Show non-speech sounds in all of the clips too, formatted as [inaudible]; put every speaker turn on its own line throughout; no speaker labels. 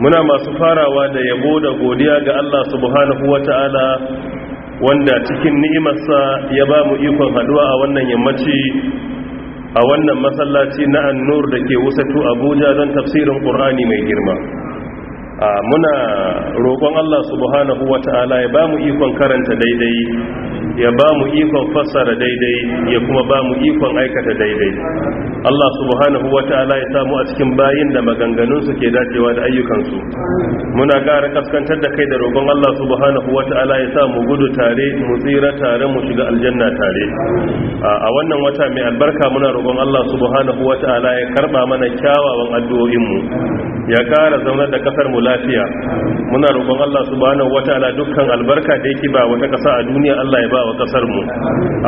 muna masu farawa da yabo da godiya ga Allah subhanahu wata'ala wanda cikin ni'imarsa ya ba mu ikon haduwa a wannan yammaci a wannan masallaci na annur da ke wusatu abuja don tafsirin ƙur'ani mai girma muna roƙon Allah subhanahu wata'ala ya ba mu ikon karanta daidai ya ba mu ikon fassara daidai ya kuma ba mu ikon aikata daidai Allah subhanahu wa ta'ala ya samu a cikin bayin da maganganunsu ke dacewa da ayyukansu muna ƙara kaskantar da kai da roƙon Allah subhanahu wa ta'ala ya sa mu gudu tare mu tsira tare mu shiga aljanna tare a wannan wata mai albarka muna roƙon Allah subhanahu wa ta'ala ya karba mana kyawawan addu'o'inmu ya ƙara zaunar da kasar mu lafiya muna roƙon Allah subhanahu wa ta'ala dukkan albarka da yake ba wata ƙasa a duniya Allah ya ba wa kasar mu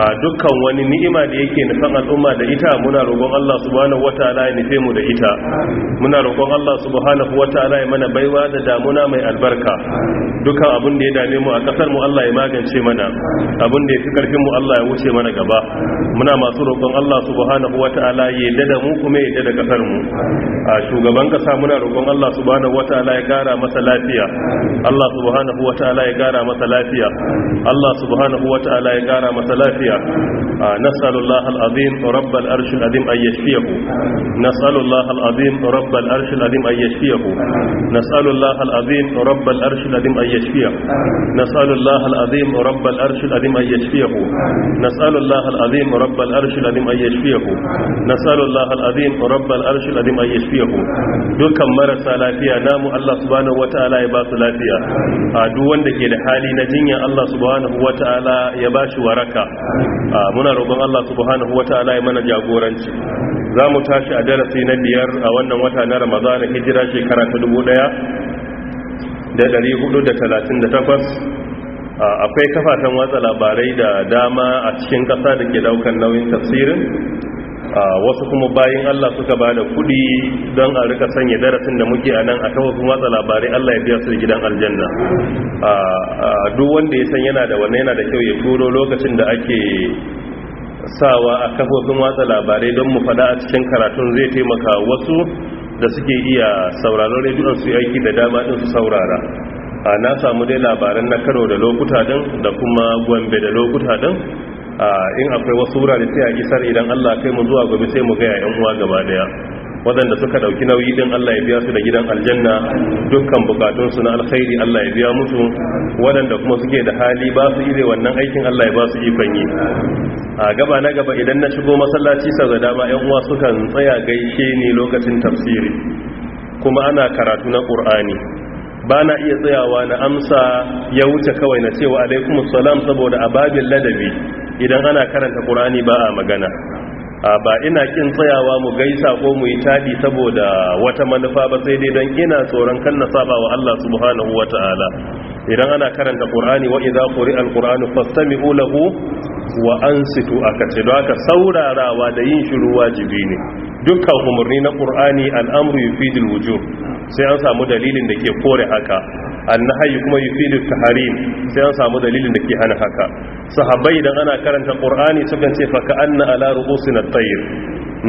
a dukkan wani ni'ima da yake nufin al'umma da ita muna roƙon Allah subhanahu wataala ya nufe mu da ita muna roƙon Allah subhanahu wataala ya mana baiwa da damuna mai albarka dukkan abin da ya dame mu a kasar mu Allah ya magance mana abin da ya fi karfin mu Allah ya wuce mana gaba muna masu roƙon Allah subhanahu wataala ya dada mu kuma ya dada kasar mu a shugaban kasa muna roƙon Allah subhanahu wataala ya gara masa lafiya Allah subhanahu wataala ya gara masa lafiya Allah subhanahu wataala ta'ala ya kara masa lafiya nas'alullah al'azim rabbal arshil azim ay yashfiyahu nas'alullah al'azim rabbal arshil azim ay yashfiyahu nas'alullah al'azim rabbal arshil azim ay yashfiyahu nas'alullah al'azim rabbal arshil azim ay yashfiyahu nas'alullah al'azim rabbal arshil azim ay yashfiyahu nas'alullah al'azim rabbal arshil azim ay yashfiyahu dukkan marasa lafiya namu Allah subhanahu wataala ya ba su lafiya a duk wanda ke da hali na jinya Allah subhanahu wataala ya ba shi waraka muna roƙon Allah subhanahu wa ta'ala ya mana jagoranci za mu tashi a darasi na biyar a wannan wata na ramazana hijira shekara ta dubu ɗaya da dari hudu da talatin da takwas akwai kafafen watsa labarai da dama a cikin ƙasa da ke ɗaukar nauyin tafsirin wasu kuma bayan Allah suka ba da kudi don a rika sanya darasin da muke a nan a kan wasu watsa labarai Allah ya biya su gidan aljanna duk wanda ya san yana da wanne yana da kyau ya turo lokacin da ake sawa a kafofin watsa labarai don mu faɗa a cikin karatun zai taimaka wasu da suke iya sauraron rediyon su aiki da dama din su saurara a na samu dai labaran na karo da lokuta din da kuma gombe da lokuta din in akwai wasu wurare sai a isar idan Allah kai mu zuwa gobe sai mu ga yayin uwa gaba daya Wadanda suka ɗauki nauyi din Allah ya biya su da gidan aljanna dukkan su na alkhairi Allah ya biya musu Wadanda kuma suke da hali ba su ire wannan aikin Allah ya ba su ikon yi a gaba na gaba idan na shigo masallaci sau da dama yan uwa sukan tsaya gaishe ni lokacin tafsiri kuma ana karatu na ƙur'ani ba na iya tsayawa na amsa ya wuce kawai na cewa alaikum salam saboda a babin ladabi idan ana karanta qur'ani ba a magana ba ina kin tsayawa mu gaisa ko mu yi tadi saboda wata manufa ba sai dai don ina tsoron kan na saba wa Allah subhanahu wata'ala idan ana karanta qur'ani wa idza quri'al qur'anu fastami'u lahu wa ansitu akace don haka saurarawa da yin shiru wajibi ne dukkan umarni na ƙur'ani al'amru yufidul wujub sai an samu dalilin da ke kore haka annahayi kuma ta harim sai an samu dalilin da ke hana haka sahabbai idan ana karanta su sukan ce faka an anna alaru ru'usina na tsayir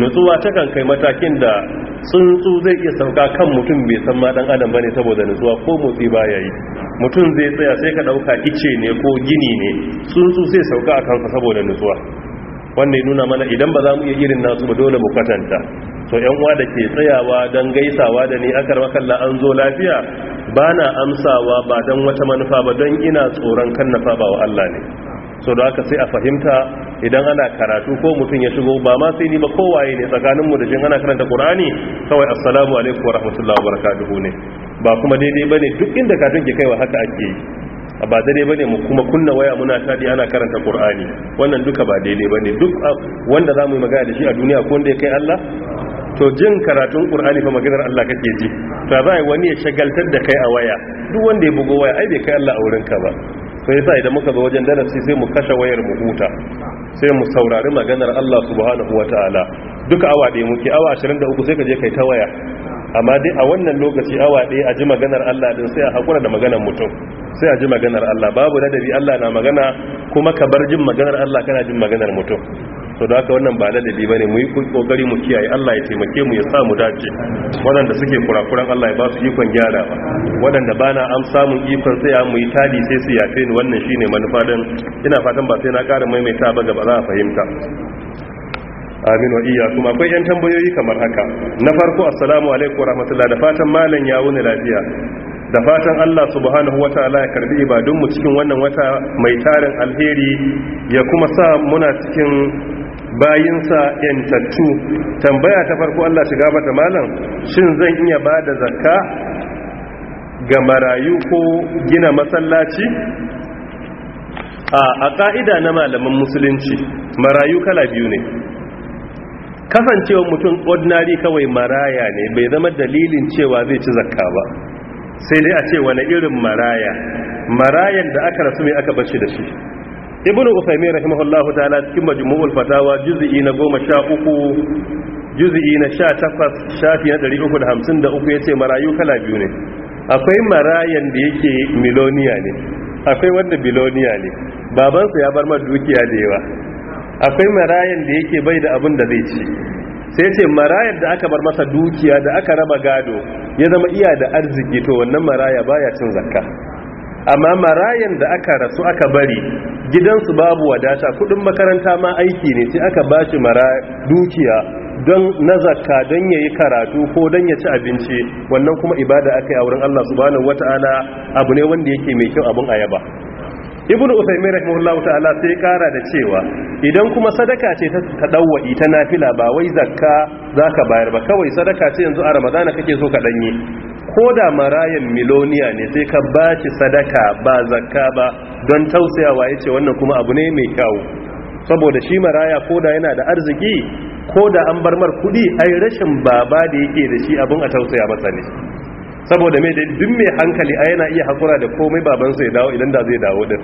nutsuwa ta kan kai matakin da tsuntsu zai iya sauka kan mutum bai san ma dan adam bane saboda nutsuwa ko motsi baya yi mutum zai tsaya sai ka ɗauka ice ne ko gini ne tsuntsu sai sauka a kansa saboda nutsuwa wannan nuna mana idan ba za mu iya irin nasu ba dole mu kwatanta to yan uwa da ke tsayawa don gaisawa da ni akar makalla an zo lafiya ba na amsawa ba don wata manufa ba don ina tsoron kannafa ba wa Allah ne so da haka sai a fahimta idan ana karatu ko mutum ya shigo ba ma sai ni ba kowaye ne tsakaninmu da shi ana karanta Qur'ani kawai assalamu alaikum wa rahmatullahi wa barakatuhu ne ba kuma daidai bane duk inda ka ke kaiwa haka ake yi ba daidai bane mu kuma kunna waya muna tadi ana karanta Qur'ani wannan duka ba daidai bane duk wanda za mu yi magana da shi a duniya ko wanda ya kai Allah to jin karatun qur'ani fa maganar Allah kake ji to za yi wani ya shagaltar da kai a waya duk wanda ya bugo waya ai bai kai Allah a wurin ka ba to yasa idan muka zo wajen darasi sai mu kashe wayar mu huta sai mu saurari maganar Allah subhanahu wataala duka awa ɗaya muke awa 23 sai ka je kai ta waya amma dai a wannan lokaci awa ɗaya a ji maganar Allah din sai a hakura da maganar mutum sai a ji maganar Allah babu ladabi Allah na magana kuma ka bar jin maganar Allah kana jin maganar mutum to da haka wannan ba ladabi bane mu yi kokari mu kiyaye Allah ya taimake mu ya sa mu dace waɗanda suke kurakuran Allah ya ba su ikon gyara ba waɗanda ba na am samun ikon tsaya mu yi tadi sai su yafe ni wannan shine manufa don ina fatan ba sai na ƙara maimaita ba gaba za a fahimta amin wa iya kuma akwai yan tambayoyi kamar haka na farko assalamu alaikum warahmatullahi da fatan malam ya wuni lafiya da fatan Allah subhanahu wa ta'ala ya karbi ibadunmu cikin wannan wata mai tarin alheri ya kuma sa muna cikin bayinsa yantattu tambaya ta farko Allah shiga bata malam shin zan iya ba da zakka ga marayu ko gina masallaci a ƙa'ida na malaman musulunci marayu kala biyu ne kasancewa mutum ordinary kawai maraya ne bai zama dalilin cewa zai ci zakka ba sai dai a ce wani irin maraya marayan da aka rasu mai aka bace da shi ibn usaimi rahimahullahu ta'ala cikin majmu'ul fatawa juz'i na 13 juz'i na 18 shafi na 353 yace marayu kala biyu ne akwai marayan da yake miloniya ne akwai wanda bilonia ne babansa ya bar mar dukiya da yawa akwai marayan da yake bai da abin da zai ci sai ce marayar da aka bar masa dukiya da aka raba gado ya zama iya da arziki to wannan maraya baya cin zakka amma marayan da aka rasu aka bari gidansu babu wadata kudin makaranta ma aiki ne sai aka bashi dukiya don na zakka don yayi karatu ko don ya ci abinci wannan kuma ibada aka yi a wurin Allah subhanahu wata'ala abu ne wanda yake mai kyau abun ayaba ibnu usaimin rahimahullahu ta'ala sai kara da cewa idan kuma sadaka ce ta tadawwadi ta nafila ba wai zakka zaka bayar ba kawai sadaka ce yanzu a ramadana kake so ka danye ko da marayan miloniya ne sai ka bashi sadaka ba zakka ba don tausayawa yace wannan kuma abu ne mai kyau saboda shi maraya ko da yana da arziki ko da an bar mar kudi ai rashin baba da yake da shi abun a tausaya masa ne saboda mai da duk mai hankali a yana iya hakura da komai babansa ya dawo idan da zai dawo din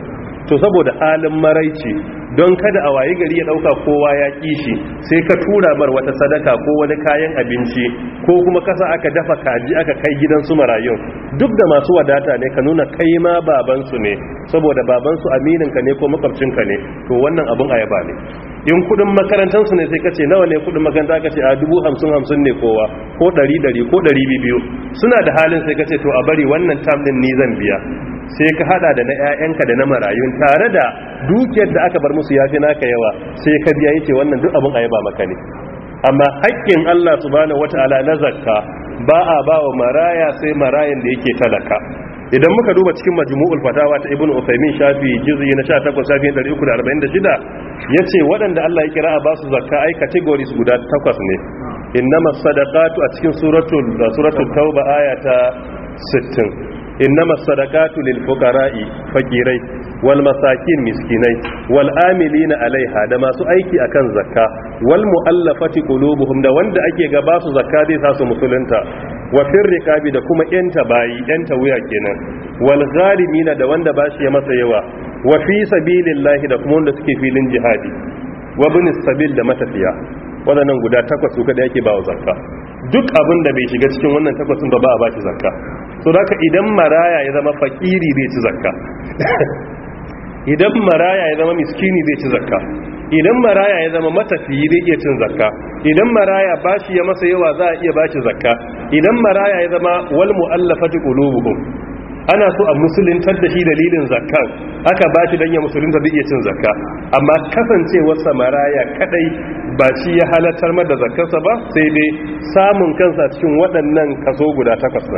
to saboda halin maraici don kada a wayi gari ya ɗauka kowa ya shi, sai ka tura bar wata sadaka ko wani kayan abinci ko kuma kasa aka dafa kaji aka kai gidan su marayun duk da masu wadata ne ka nuna kai ma babansu ne saboda babansu aminin ka ne ko makwabcin ka ne to wannan abun ayaba ne in kudin makarantarsu ne sai kace nawa ne kudin makaranta kace a dubu hamsin hamsin ne kowa ko ɗari ko ɗari suna da halin sai kace to a bari wannan tam ɗin ni zan biya sai ka hada da na ƴaƴanka da na marayun tare da dukiyar da aka bar musu ya fi naka yawa sai ka biya yace wannan duk abin a maka ne amma haƙƙin Allah subhanahu wataala na zakka ba a ba wa maraya sai marayan da yake talaka idan muka duba cikin majmu'ul fatawa ta ibnu usaymin shafi juz'i na 18 shafi 346 yace waɗanda Allah ya kira a ba su zakka ai categories guda takwas ne innama sadaqatu a cikin suratul suratul tauba ayata 60 innama sadaqatu lil fuqara'i fakirai wal masakin miskinai wal amilina alaiha da masu aiki akan zakka wal muallafati qulubuhum da wanda ake gaba su zakka zai sa su musulunta wa firriqabi da kuma yanta bayi yanta wuya kenan wal na da wanda bashi ya masa yawa wa fi sabilillahi da kuma wanda suke filin jihadi wa bin sabil da matafiya wadannan guda takwas su kada yake bawa zakka duk abin da bai shiga cikin wannan takwas sun ba a ba shi zakka so da idan maraya ya zama fakiri bai ci zakka [laughs] idan maraya ya zama miskini zai ci zakka idan maraya ya zama matafiyi zai iya cin zakka idan maraya ba shi ya masa yawa za a iya shi zakka idan maraya ya zama wal mu'allafati qulubuhum ana so a musuluntar da shi dalilin zakka aka shi dan ya musulunta zai iya cin zakka amma kasancewarsa maraya kadai ba shi ya halartar mada zakkarsa ba sai dai samun kansa cikin waɗannan kaso guda takwas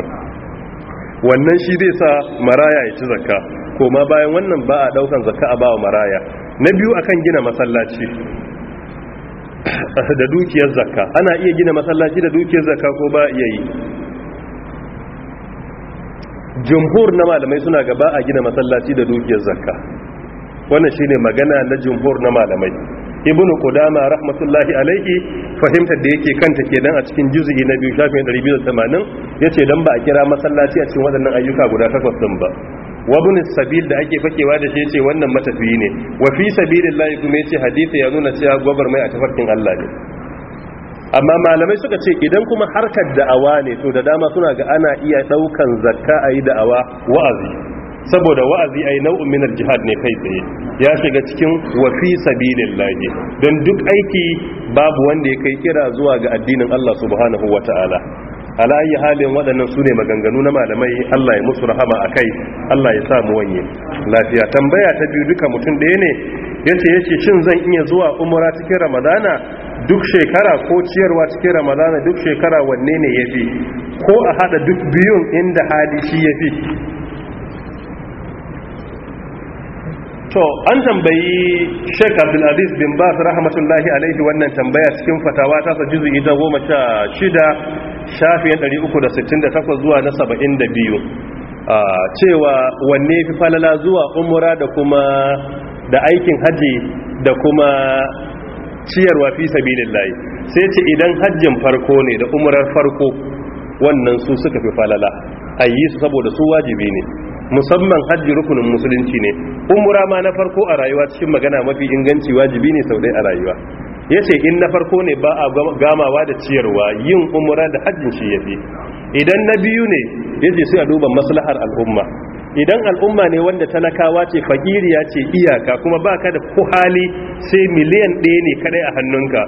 wannan shi zai sa maraya ya ci zakka koma bayan wannan ba a daukan zakka a bawa maraya na biyu akan gina masallaci da dukiyar zakka ana iya gina masallaci da dukiyar zakka ko ba iya yi jumhur na malamai suna gaba a gina masallaci da dukiyar zakka wannan shine magana na jumhur na malamai ibnu qudama rahmatullahi alayhi fahimtar da yake kanta kenan a cikin juz'i na biyu shafin 280 yace dan ba a kira masallaci a cikin waɗannan ayyuka guda takwas din ba wabin sabil da ake fakewa da shi ce wannan matafiyi ne wa fi sabilillahi kuma yace hadisi ya nuna cewa gobar mai a tafarkin Allah ne amma malamai suka ce idan kuma harkar da'awa ne to da dama suna ga ana iya daukan zakka ayi da'awa wa'azi saboda wa'azi ayi nau'in min jihad ne kai tsaye ya shiga cikin wa fi sabilillahi don duk aiki babu wanda ya kai kira zuwa ga addinin Allah subhanahu wataala ala ayi halin waɗannan su ne maganganu na malamai Allah ya musu rahama a kai Allah ya sa mu wanye lafiya tambaya ta biyu duka mutum ɗaya ne ya ce ya ce shin zan iya zuwa umara cikin ramadana duk shekara ko ciyarwa cikin ramadana duk shekara wanne ne ya fi ko a haɗa duk biyun inda hali shi ya fi to an tambayi Sheikh Abdul Aziz bin bas rahmatullahi alaihi wannan tambaya cikin fatawa ta sa juz'i da 16 shafin 368 zuwa na 72 cewa wanne fi falala zuwa umra da kuma da aikin haji da kuma ciyarwa fi sabilillahi sai ce idan hajjin farko ne da umrar farko wannan su suka fi falala ayi su saboda su wajibi ne musamman hajji rukunin musulunci ne umura ma na farko a rayuwa cikin magana mafi inganci wajibi ne sau ɗaya a rayuwa ya ce in na farko ne ba a gamawa da ciyarwa yin umura da hajjin shi ya fi idan na biyu ne ya ce sai a duba maslahar al'umma idan al'umma ne wanda talakawa ce fagiriya ce iyaka kuma ba ka da kuhali sai miliyan ɗaya ne kadai a hannunka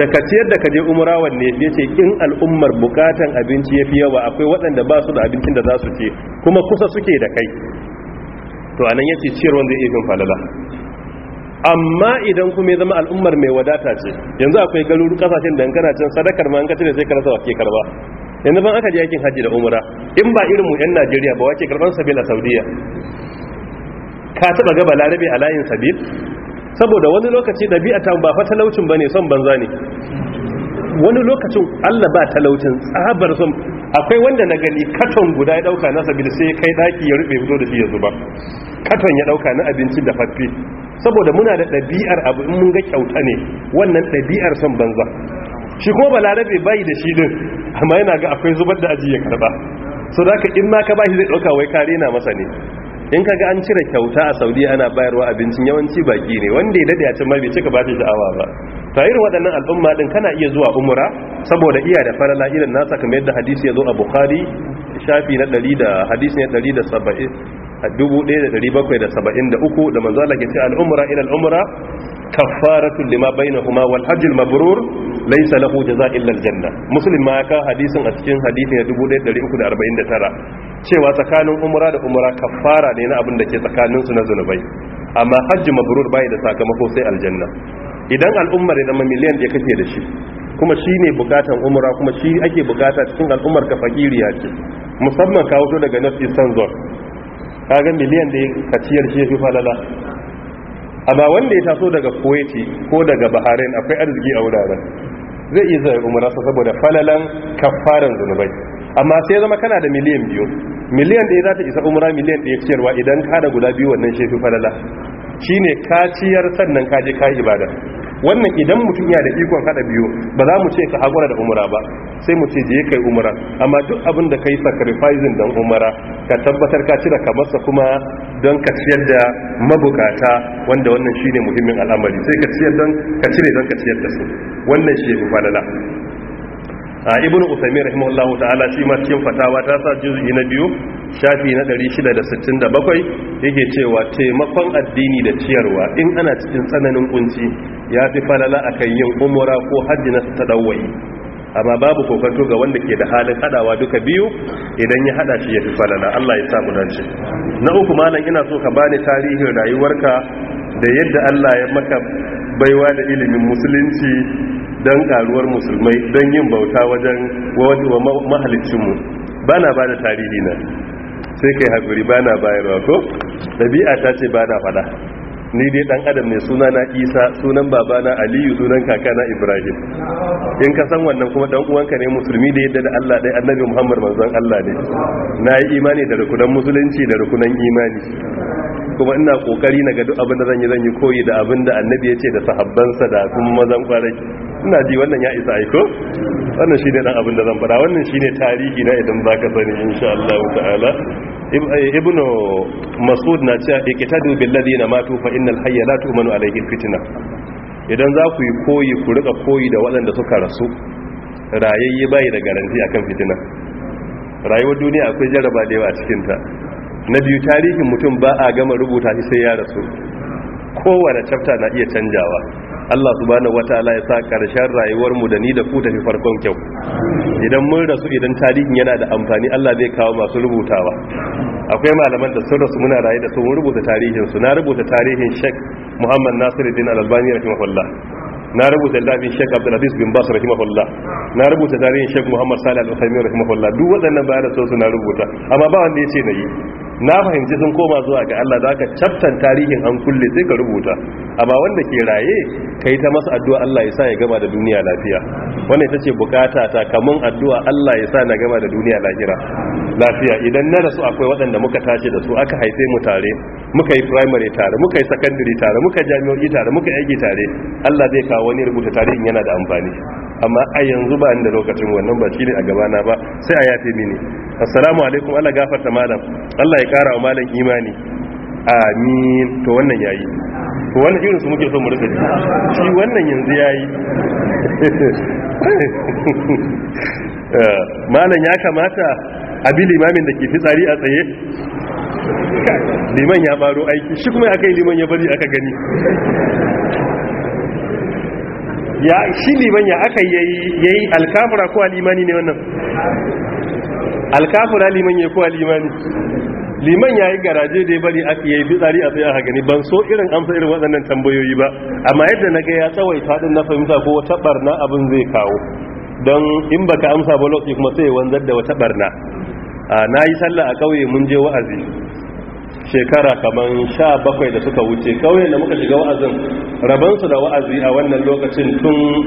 da ka ciyar da ka je umura wanne ya ce in al'ummar bukatan abinci ya fi yawa akwai waɗanda ba su da abincin da za su ce kuma kusa suke da kai to anan ya ce ciyarwan zai iya falala amma idan kuma ya zama al'ummar mai wadata ce yanzu akwai garuru kasashen da can sadakar ma an kace da sai karasa wake karba yanzu ban aka je yakin haji da umra in ba irin mu yan Najeriya ba wake karban sabila Saudiya ka taba ga balarabe a layin sabil saboda wani lokaci dabi'a ta ba fa talaucin bane son banza ne wani lokacin Allah ba talaucin tsabar son akwai wanda na gani katon guda ya dauka na sabil sai kai daki ya rube fito da shi ba. zuba katon ya dauka na abinci da fafi saboda muna da ɗabi'ar abu in mun ga kyauta ne wannan ɗabi'ar son banza shi kuma balarabe bai da shi din amma yana ga akwai zubar da ajiye ya karba so da ka in ma ka bashi zai ɗauka wai kare na masa ne in ka ga an cire kyauta a saudi ana bayarwa abincin yawanci baki ne wanda ya dade a cin bai cika bashi ba ta irin waɗannan al'umma din kana iya zuwa umura saboda iya da farala irin nasa kamar yadda hadisi ya zo a bukhari shafi na 100 da hadisi na 1773 da manzo Allah ke ce al-umra ila al-umra kaffaratun lima bainahuma wal al mabrur laysa lahu jazaa illa al-janna muslim ma ka hadisin a cikin hadisin 1349 cewa tsakanin umra da umra kaffara ne na abin da ke tsakanin su na zunubai amma hajji mabrur bai da sakamako sai aljanna idan al'ummar ya da miliyan da kake da shi kuma shi ne bukatan umra kuma shi ake bukata cikin al'ummar ka fakiriya ce musamman ka wato daga nafsi sanzor kaga miliyan da ka ciyar shi ya fi falala amma wanda ya taso daga kuwaiti ko daga baharin akwai arziki a wuraren zai iya zai sa saboda falalan kafaran zunubai amma sai zama kana da miliyan biyu miliyan ɗaya za ta isa umra miliyan ɗaya ciyarwa idan ka da guda biyu wannan shi fi falala shine ka ciyar sannan ka je ka ibada wannan idan mutum ya da ikon hada biyu ba za mu ce ka hakura da umara ba sai mu ce je kai umara amma duk abin da kai sacrificing dan umara ka tabbatar ka cire kamarsa kuma don ka ciyar da mabukata wanda wannan shine muhimmin al'amari sai ka ciyar don ka cire don ka ciyar da su wannan shi ya fi falala A ibn usaimin rahimahullahu ta'ala shi ma cikin fatawa ta sa juz'i na biyu shafi na 667 yake cewa taimakon addini da ciyarwa in ana cikin tsananin kunci ya fi falala akan yin umura ko hajji na tadawwai amma babu kokanto ga wanda ke da halin hadawa duka biyu idan ya hada shi ya fi falala Allah ya sa mu dace na uku malam ina so ka bani tarihin rayuwarka da yadda Allah ya maka baiwa da ilimin musulunci don karuwar musulmai don yin bauta wajen wa mahalicinmu ba na ba da tarihi na sai kai haguri ba na bayarwa ko ɗabi'a ta ce ba na faɗa ni dai dan adam ne suna na isa sunan babana aliyu sunan kakana ibrahim in ka san wannan kuma ɗan uwanka ne musulmi da yadda da allah ɗai annabi muhammad manzon allah ne na yi imani da rukunan musulunci da rukunan imani kuma ina kokari na ga duk abin da zan yi zan yi koyi da abin da annabi ya ce da sahabbansa da kuma mazan kwarai ina ji wannan ya isa aiko wannan shine dan abin da zan fara wannan shine tarihi na idan zaka sani insha Allah ta'ala eh, ibnu mas'ud na cewa iktadu bil ladina matu fa innal hayya la tu'manu alayhi fitna idan za ku yi koyi ku rika koyi da waɗanda suka rasu rayayye bai da garanti akan fitina rayuwar duniya akwai jaraba da yawa cikin ta na biyu tarihin mutum ba a gama rubuta shi sai ya rasu kowane chapter na iya canjawa Allah subhanahu wataala ya sa karshen rayuwar mu da ni da ku tafi farkon kyau idan mun rasu idan tarihin yana da amfani Allah zai kawo masu rubutawa akwai malaman da sun rasu muna raye da sun rubuta tarihin su na rubuta tarihin Sheikh Muhammad Nasiruddin Al-Albani rahimahullah na rubuta tarihin Sheikh Abdulaziz bin Bas rahimahullah na rubuta tarihin Sheikh Muhammad Salih Al-Uthaymeen rahimahullah duk waɗannan bayanan sun na rubuta amma ba wanda yace nayi na fahimci sun koma zuwa ga Allah za ka captan tarihin an kulle sai ka rubuta amma wanda ke raye ka yi ta masa addu'a Allah ya sa ya gama da duniya lafiya wanda ita ce bukata ta kamun addu'a Allah ya sa na gama da duniya lahira lafiya idan na rasu akwai waɗanda muka tashi da su aka haife mu tare muka yi primary tare muka yi secondary tare muka jami'o'i tare muka yi aiki tare Allah zai kawo wani rubuta tarihin yana da amfani amma a yanzu ba da lokacin wannan ba shine a gabana ba sai a yafe mini assalamu alaikum Allah gafarta malam Allah ya kara wa malam imani amin to wannan yayi to wannan irin su muke so mu rika shi wannan yanzu yayi [laughs] eh, malam ya kamata a bi limamin da ke fitsari a tsaye liman ya baro aiki shi kuma aka yi liman ya bari aka gani ya shi liman ya aka yayi alkafura ko alimani ne wannan alkafura liman ya ko alimani liman ya yi garaje da ya bari aka yi fitsari a tsaye a gani ban so irin amsa irin waɗannan tambayoyi ba amma yadda na ga ya tsawaita fadin na fahimta ko wata barna abin zai kawo don in baka amsa ba lokaci kuma sai wanzar da wata barna na yi sallah a ƙauye mun je wa'azi shekara kamar sha bakwai da suka wuce kawai da muka shiga wa'azin rabansu da wa'azi a wannan lokacin tun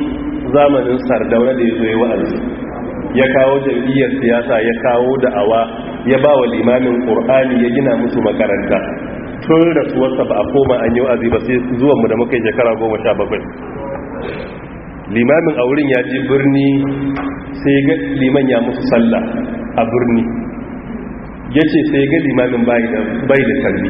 zamanin sardauna da ya zo wa'azi ya kawo jam'iyyar siyasa ya kawo da'awa ya ba wa limamin ƙur'ani ya gina musu makaranta tun da wasa ba a koma an yi wa'azi ba sai mu da muka yi shekara goma sha bakwai limamin a ya ji birni sai liman ya musu sallah a birni ya ce sai ga limamin bai da tarbi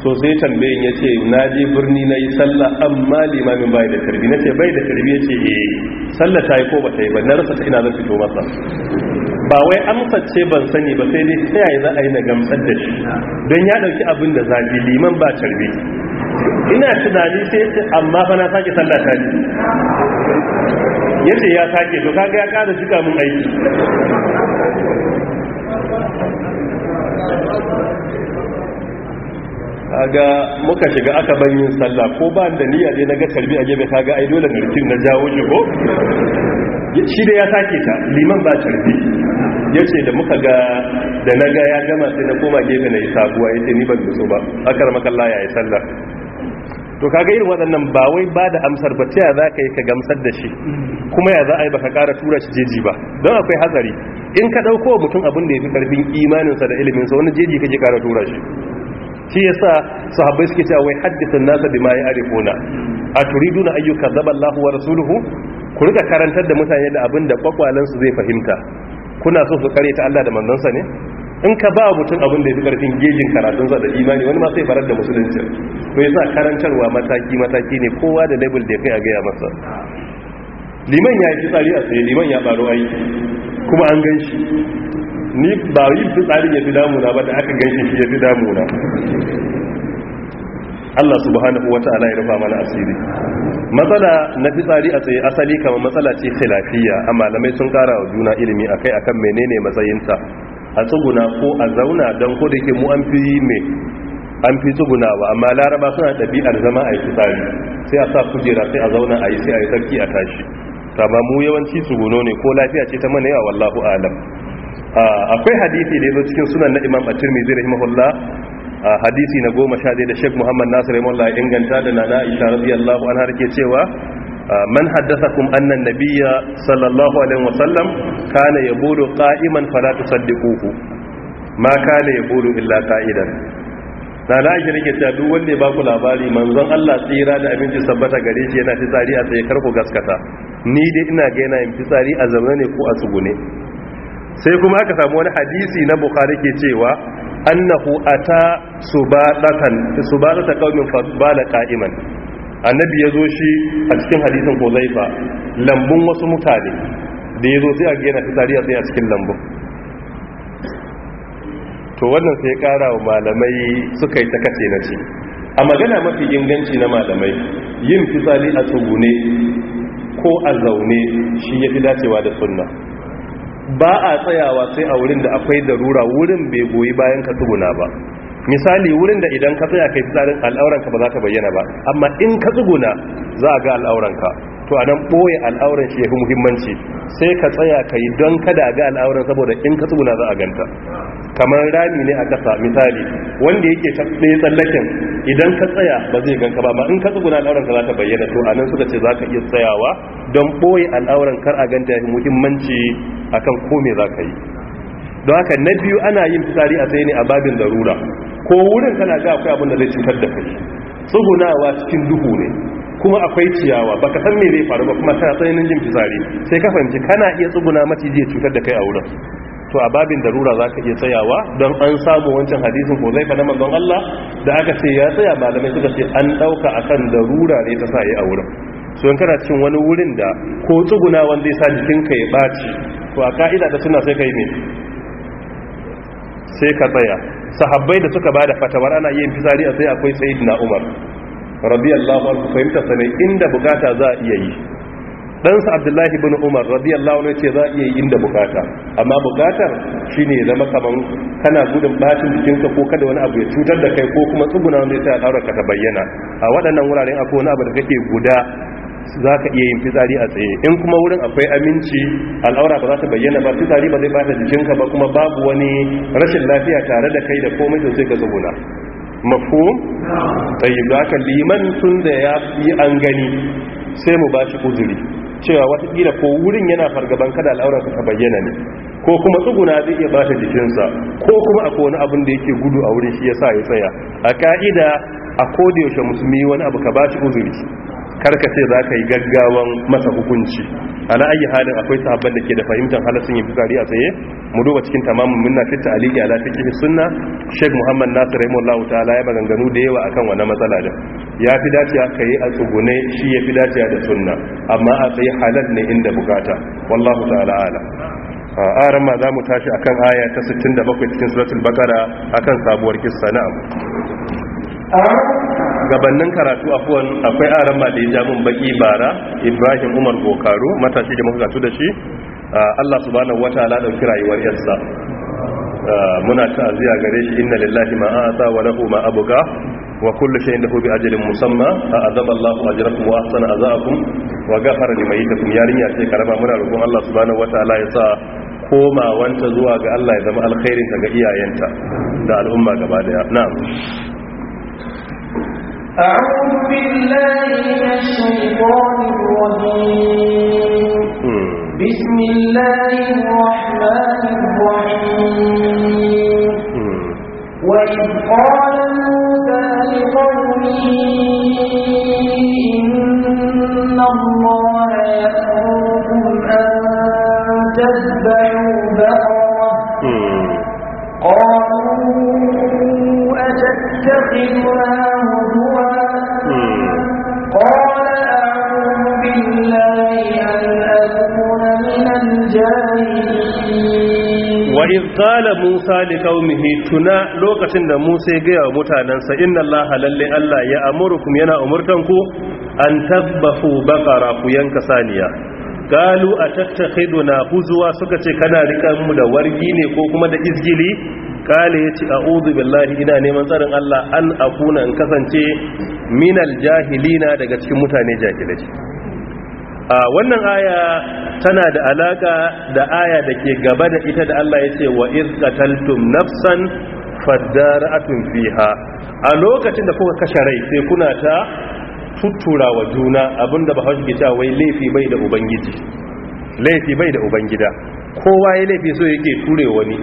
so sai tambayin ya ce na je birni na yi sallah amma limamin bai da tarbi na ce bai da tarbi ya ce eh sallah ta yi ko ba ta yi ba na rasa ta ina zan fito masa ba wai ce ban sani ba sai dai ta yaya za a yi na gamsar da shi don ya ɗauki abin da zafi liman ba tarbi ina tunani sai ce amma fa na sake sallah ta ne yace ya sake to kaga ya kada jika mun aiki kaga muka shiga aka ban yin sallah ko ba da niyya dai naga tarbi a gefe kaga ai dole narkin na jawo shi ko shi da ya sake ta liman ba tarbi yace da muka ga da naga ya gama sai na koma gefe na yi sabuwa yace ni ban so ba akar makalla ya yi sallah to kaga irin waɗannan ba wai ba da amsar ba ta ya za ka yi ka gamsar da shi kuma ya za a yi ba ka ƙara tura shi jeji ba don akwai hatsari in ka ɗauko mutum abin da ya fi ƙarfin imaninsa da iliminsa wani jeji kake ƙara tura shi shi yasa sahabbai suke cewa wai haddisan nasa bima ya'rifuna aturiduna ayyuka zaballahu wa rasuluhu ku rika karantar da mutane da abin da kwakwalen su zai fahimta kuna so su kare ta Allah da manzansa ne in ka ba mutum abin da ya fi karfin gejin karatunsa da imani wani ma sai farar da musulunci to yasa karantarwa mataki mataki ne kowa da label da kai a gaya masa liman ya yi tsari a tsaye liman ya baro aiki kuma an gan shi ni ba yin fitsari ya fi damuna ba da aka ganshi shi ya fi damuna Allah subhanahu wa ta'ala ya rufa mana asiri matsala na fitsari a tsaye asali kamar matsala ce khilafiyya a malamai sun kara wa juna ilimi a akai akan menene matsayinta a tsuguna ko a zauna don ko da ke mu an fi me an fi tsugunawa amma laraba suna ɗabi'ar zama a yi fitsari sai a sa kujera sai a zauna a yi sai a yi sarki a tashi amma mu yawanci tsuguno ne ko lafiya ce ta mana yawa wallahu alam akwai hadisi da yazo cikin sunan na Imam At-Tirmidhi rahimahullah hadisi na goma sha da Sheikh Muhammad Nasir rahimahullah inganta da Nana Aisha radiyallahu anha rake cewa man haddathakum anna an-nabiyya sallallahu alaihi wasallam kana yabudu qa'iman fala tusaddiquhu ma kana yabudu illa qa'idan na Aisha rike cewa duk wanda ya baku labari manzon Allah tsira da abinci sabbata gare shi yana fitsari a tsaye karku gaskata ni dai ina ga yana yin fitsari a zaune ne ko a tsugune sai kuma aka samu wani hadisi na bukari ke cewa annahu ata subalatan subalata qaumin fa bala qa'iman annabi yazo shi a cikin hadisin Huzaifa lambun wasu mutane da yazo sai a gina yana fitsari a a cikin lambun to wannan sai kara wa malamai suka yi ta kace na ci a magana mafi inganci na malamai yin fitsari a tsugune ko a zaune shi ya fi dacewa da sunna ba a tsayawa sai a wurin da akwai darura wurin bai goyi bayan ka tsuguna ba misali wurin da idan ka tsaya kai tsarin al'auranka ba za ka bayyana ba amma in ka tsuguna za a ga al'auranka to a nan ɓoye al'auran shi yafi muhimmanci sai ka tsaya kai don kada a ga al'auran saboda in ka tsuguna za a ganta kamar rami ne a ƙasa misali wanda yake tsaye tsallaken idan ka tsaya ba zai ganka ba amma in ka tsuguna al'auran ka za ta bayyana to anan suka ce za ka iya tsayawa don boye al'auran kar a ganta ya muhimmanci akan ko me za ka yi don haka na biyu ana yin fitsari a tsaye ne a babin larura ko wurin kana ga akwai abin da zai cutar da kai tsugunawa cikin duhu ne kuma akwai ciyawa baka san me zai faru ba kuma kana tsayin jin fitsari sai ka fahimci kana iya tsuguna maciji ya cutar da kai a wurin to a babin darura za ka iya tsayawa don an samu wancan hadisin ko zai fana manzon Allah da aka ce ya tsaya malamai suka ce an ɗauka a kan darura ne ta sa yi a wurin so in kana cikin wani wurin da ko tsuguna wanda ya sa jikinka ya ɓaci to a ka'ida da suna sai ka yi ne sai ka tsaya sahabbai da suka bada fatawar ana yin fitsari a sai akwai sayyidina umar radiyallahu anhu fahimta sanai inda bukata za a iya yi ɗansa abdullahi bin umar radiyallahu anhu ce za a iya yi inda bukata amma bukatar shine ya zama kaman kana gudun bacin jikinka ko kada wani abu ya cutar da kai ko kuma tsuguna wanda ya sa ka ta bayyana a waɗannan wuraren akwai wani abu da kake guda za ka iya yin fitsari a tsaye in kuma wurin akwai aminci al'aura ba za ta bayyana ba fitsari ba zai bata jikinka ba kuma babu wani rashin lafiya tare da kai da komai da sai ka tsuguna mafhum tayyib liman tun da ya yi an gani sai mu ba shi uzuri cewa watakila ko wurin yana fargaban kada al'auransa ka bayyana ne ko kuma tsuguna zai iya bata jikinsa ko kuma akwai wani abin da yake gudu a wurin shi ya sa ya tsaya a ka'ida a kodayaushe musulmi wani abu ka ba shi uzuri karka ce za ka yi gaggawan masa hukunci na ayi halin akwai sahabban da ke da fahimtar halasun yin bukari a tsaye mu duba cikin tamamin minna fitta aliki ala fiqh sunna sheikh muhammad nasir rahimahullahu ta'ala ya maganganu da yawa akan wannan matsala da ya fi dacewa ka yi a tsugune shi ya fi dacewa da sunna amma a tsaye halal ne inda bukata wallahu ta'ala ala aran ma za mu tashi akan aya ta 67 cikin suratul bakara akan sabuwar kissa na'am gabannin karatu akwai aran ma da ya ja mun baki bara ibrahim umar bokaro matashi da muka gatu da shi ah, allah subhanahu wata dauki rayuwar yarsa ah, muna ta'aziya gare shi inna lillahi ma a'ata wa lahu ma abuka wa kullu shay'in lahu bi ajalin musamma Allah azaba Allahu ajrakum wa ahsana azaakum wa ghafara liman yatakum yarinya ce karama muna roƙon Allah subhanahu wataala ya sa komawanta zuwa ga Allah ya zama alkhairin ga iyayenta da al'umma gaba daya na'am
أعوذ بالله من الشيطان الرجيم بسم الله الرحمن الرحيم وإذ قال موسى لقومه إن الله يأمركم أن تذبحوا بقرة قالوا أتتخذنا
iz qala musa liqaumihi tuna lokacin da musa ya gaya wa mutanansa inna allaha lalle allah ya amurukum yana umurtanku an tabbahu baqara ku yanka saniya galu a tattakhiduna huzwa suka ce kana rika mu da wargi ne ko kuma da izgili kale yace a'udhu billahi ina neman tsarin Allah an akuna in kasance minal jahilina daga cikin mutane jahilai wannan aya tana da alaka da aya da ke gaba da ita da Allah ya ce wa iz qataltum nafsan fadara'atun fiha a lokacin da kuka kashe rai sai kuna ta tuttura wa juna abinda ba haushi ta wai laifi bai da ubangiji laifi bai da ubangida kowa ya laifi so yake ture wani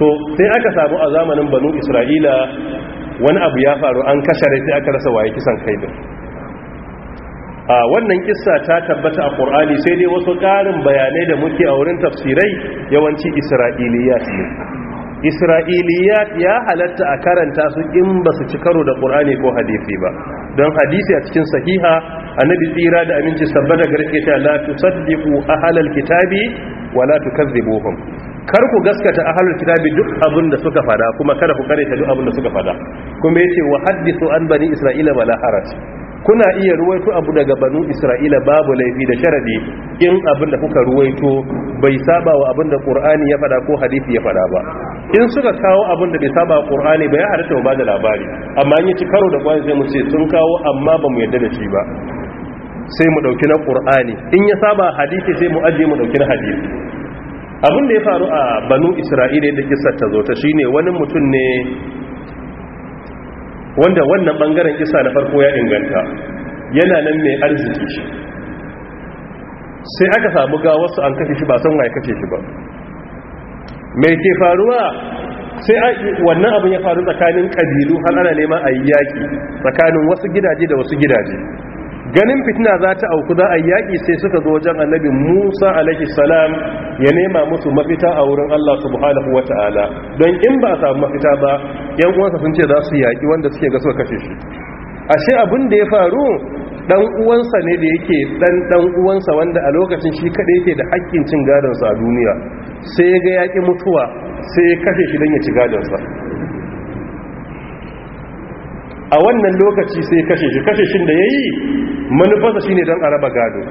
to sai aka samu a zamanin banu isra'ila wani abu ya faru an kashe rai sai aka rasa waye kisan kai din wannan kissa ta tabbata a qur'ani sai dai wasu ƙarin bayanai da muke a wurin tafsirai yawanci isra'iliyat ne isra'iliyat ya halatta a karanta su in ba su ci karo da qur'ani ko hadisi ba don hadisi a cikin sahiha annabi tsira da aminci sabbata garke ta la tusaddiqu ahlal kitabi wa la tukazzibuhum kar ku gaskata ahlul kitabi duk abin da suka fada kuma kada ku kare ta duk abin da suka fada kuma yace wa hadithu an bani isra'ila Bala haraj kuna iya ruwaito abu daga banu isra'ila babu laifi da sharadi in abin da kuka ruwaito bai saba wa abin da qur'ani ya fada ko hadisi ya fada ba in suka kawo abin da bai saba wa qur'ani ba ya ta ba da labari amma in ci karo da kwani sai mu ce sun kawo amma ba mu yarda da shi ba sai mu dauki na qur'ani in ya saba hadisi sai mu aje mu dauki na hadisi abin da ya faru a banu isra'ila da kissa ta zo ta shine wani mutum ne wanda wannan bangaren kisa na farko ya inganta yana nan mai arziki shi sai aka samu ga wasu an kashe shi ba san waye kashe shi ba mai ke faruwa sai wannan abin ya faru tsakanin kabilu har ana neman a yi tsakanin wasu gidaje da wasu gidaje ganin fitina za ta auku za a yaƙi sai suka zo wajen annabi musa alaihi salam ya nema musu mafita a wurin allah subhanahu wa ta'ala don in ba a samu mafita ba yan uwansa sun ce za su yaƙi wanda suke ga suka kashe shi ashe abin da ya faru dan uwansa ne da yake dan dan uwansa wanda a lokacin shi kaɗai yake da haƙƙin cin gadon sa a duniya sai ya ga yaƙi mutuwa sai ya kashe shi don ya ci gadonsa. a wannan lokaci sai kashe shi kashe shi da yayi manufarsa shine don araba gado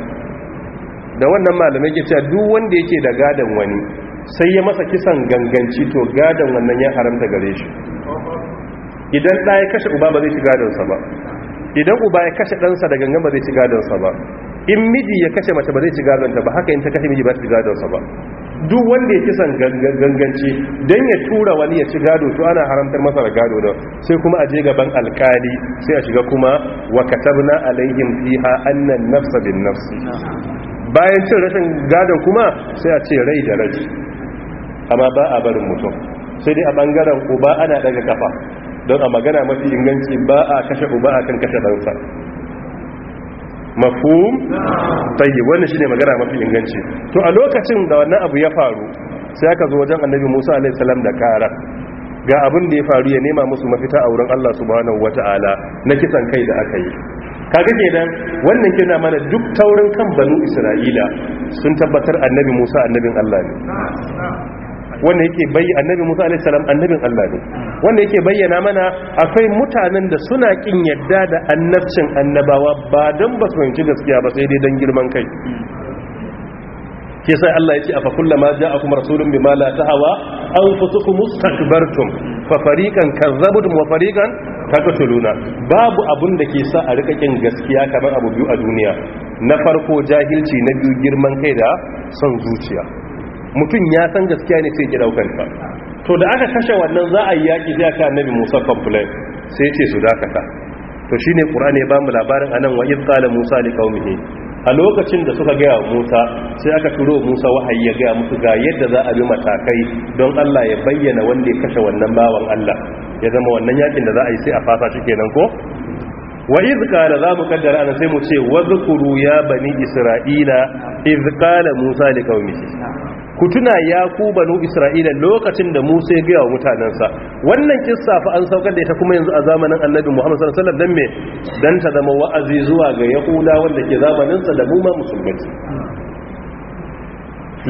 da wannan malamai ke cewa duk wanda yake da gadon wani sai ya masa kisan ganganci to gadon wannan ya haramta gare shi idan ɗa ya kashe uba ba zai ci gadonsa ba idan uba ya kashe ɗansa da gangan ba zai ci gadonsa ba in miji ya kashe mace ba zai ci gadonta ba haka in ta kashe miji ba ta ci gadonsa ba duk wanda ya kisan ganganci don ya tura wani ya ci gado to ana haramtar masa da gado da sai kuma a je gaban alkali sai a shiga kuma wa katabna alaihim fiha annan nafsa bin nafsi bayan cin rashin gado kuma sai a ce rai da rai amma ba a barin mutum sai dai a bangaren uba ana daga kafa don a magana mafi inganci ba a kashe uba akan kashe ɗansa mafhum tayi wannan shine magana mafi inganci to a lokacin da wannan abu ya faru sai aka zo wajen annabi Musa alaihi salam da kara ga abin da ya faru ya nema musu mafita a wurin Allah subhanahu wata'ala na kisan kai da aka yi kaga kenan wannan kina mana duk taurin kan banu Isra'ila sun tabbatar annabi Musa annabin Allah
ne
wanda yake bayyana annabi Musa alaihi salam annabin Allah ne wanda yake bayyana mana akwai mutanen da suna kin yadda da annabcin annabawa ba dan ba su fahimci gaskiya ba sai dai dan girman kai ke sai Allah ya ce a fakullama ja'akum rasulun bima la ta'awa anfusukum mustakbartum fa fariqan kazzabtum wa fariqan takatuluna babu abun da ke sa a rika kin gaskiya kamar abu biyu a duniya na farko jahilci na biyu girman kai da son zuciya mutum ya san gaskiya ne sai ke daukar to da aka kashe wannan za a yi yaki zai aka annabi Musa kwamfulai sai ce su dakata to shi ne ƙura ne ba mu labarin anan wa iz tsala Musa liqaumihi a lokacin da suka gaya Musa sai aka turo Musa wahayi ya gaya musu ga yadda za a bi matakai don Allah ya bayyana wanda ya kashe wannan bawan Allah ya zama wannan yakin da za a yi sai a fasa shi kenan ko wa iz qala za mu kaddara an sai mu ce wa zukuru ya bani isra'ila iz qala Musa qaumihi ku tuna ya ku isra'ila lokacin da musa ya gaya wa mutanensa wannan kissa fa an saukar da ita kuma yanzu a zamanin annabi muhammad sallallahu alaihi wasallam dan me dan ta zama wa'azi zuwa ga yahuda wanda ke zamanin sa da mu ma musulmai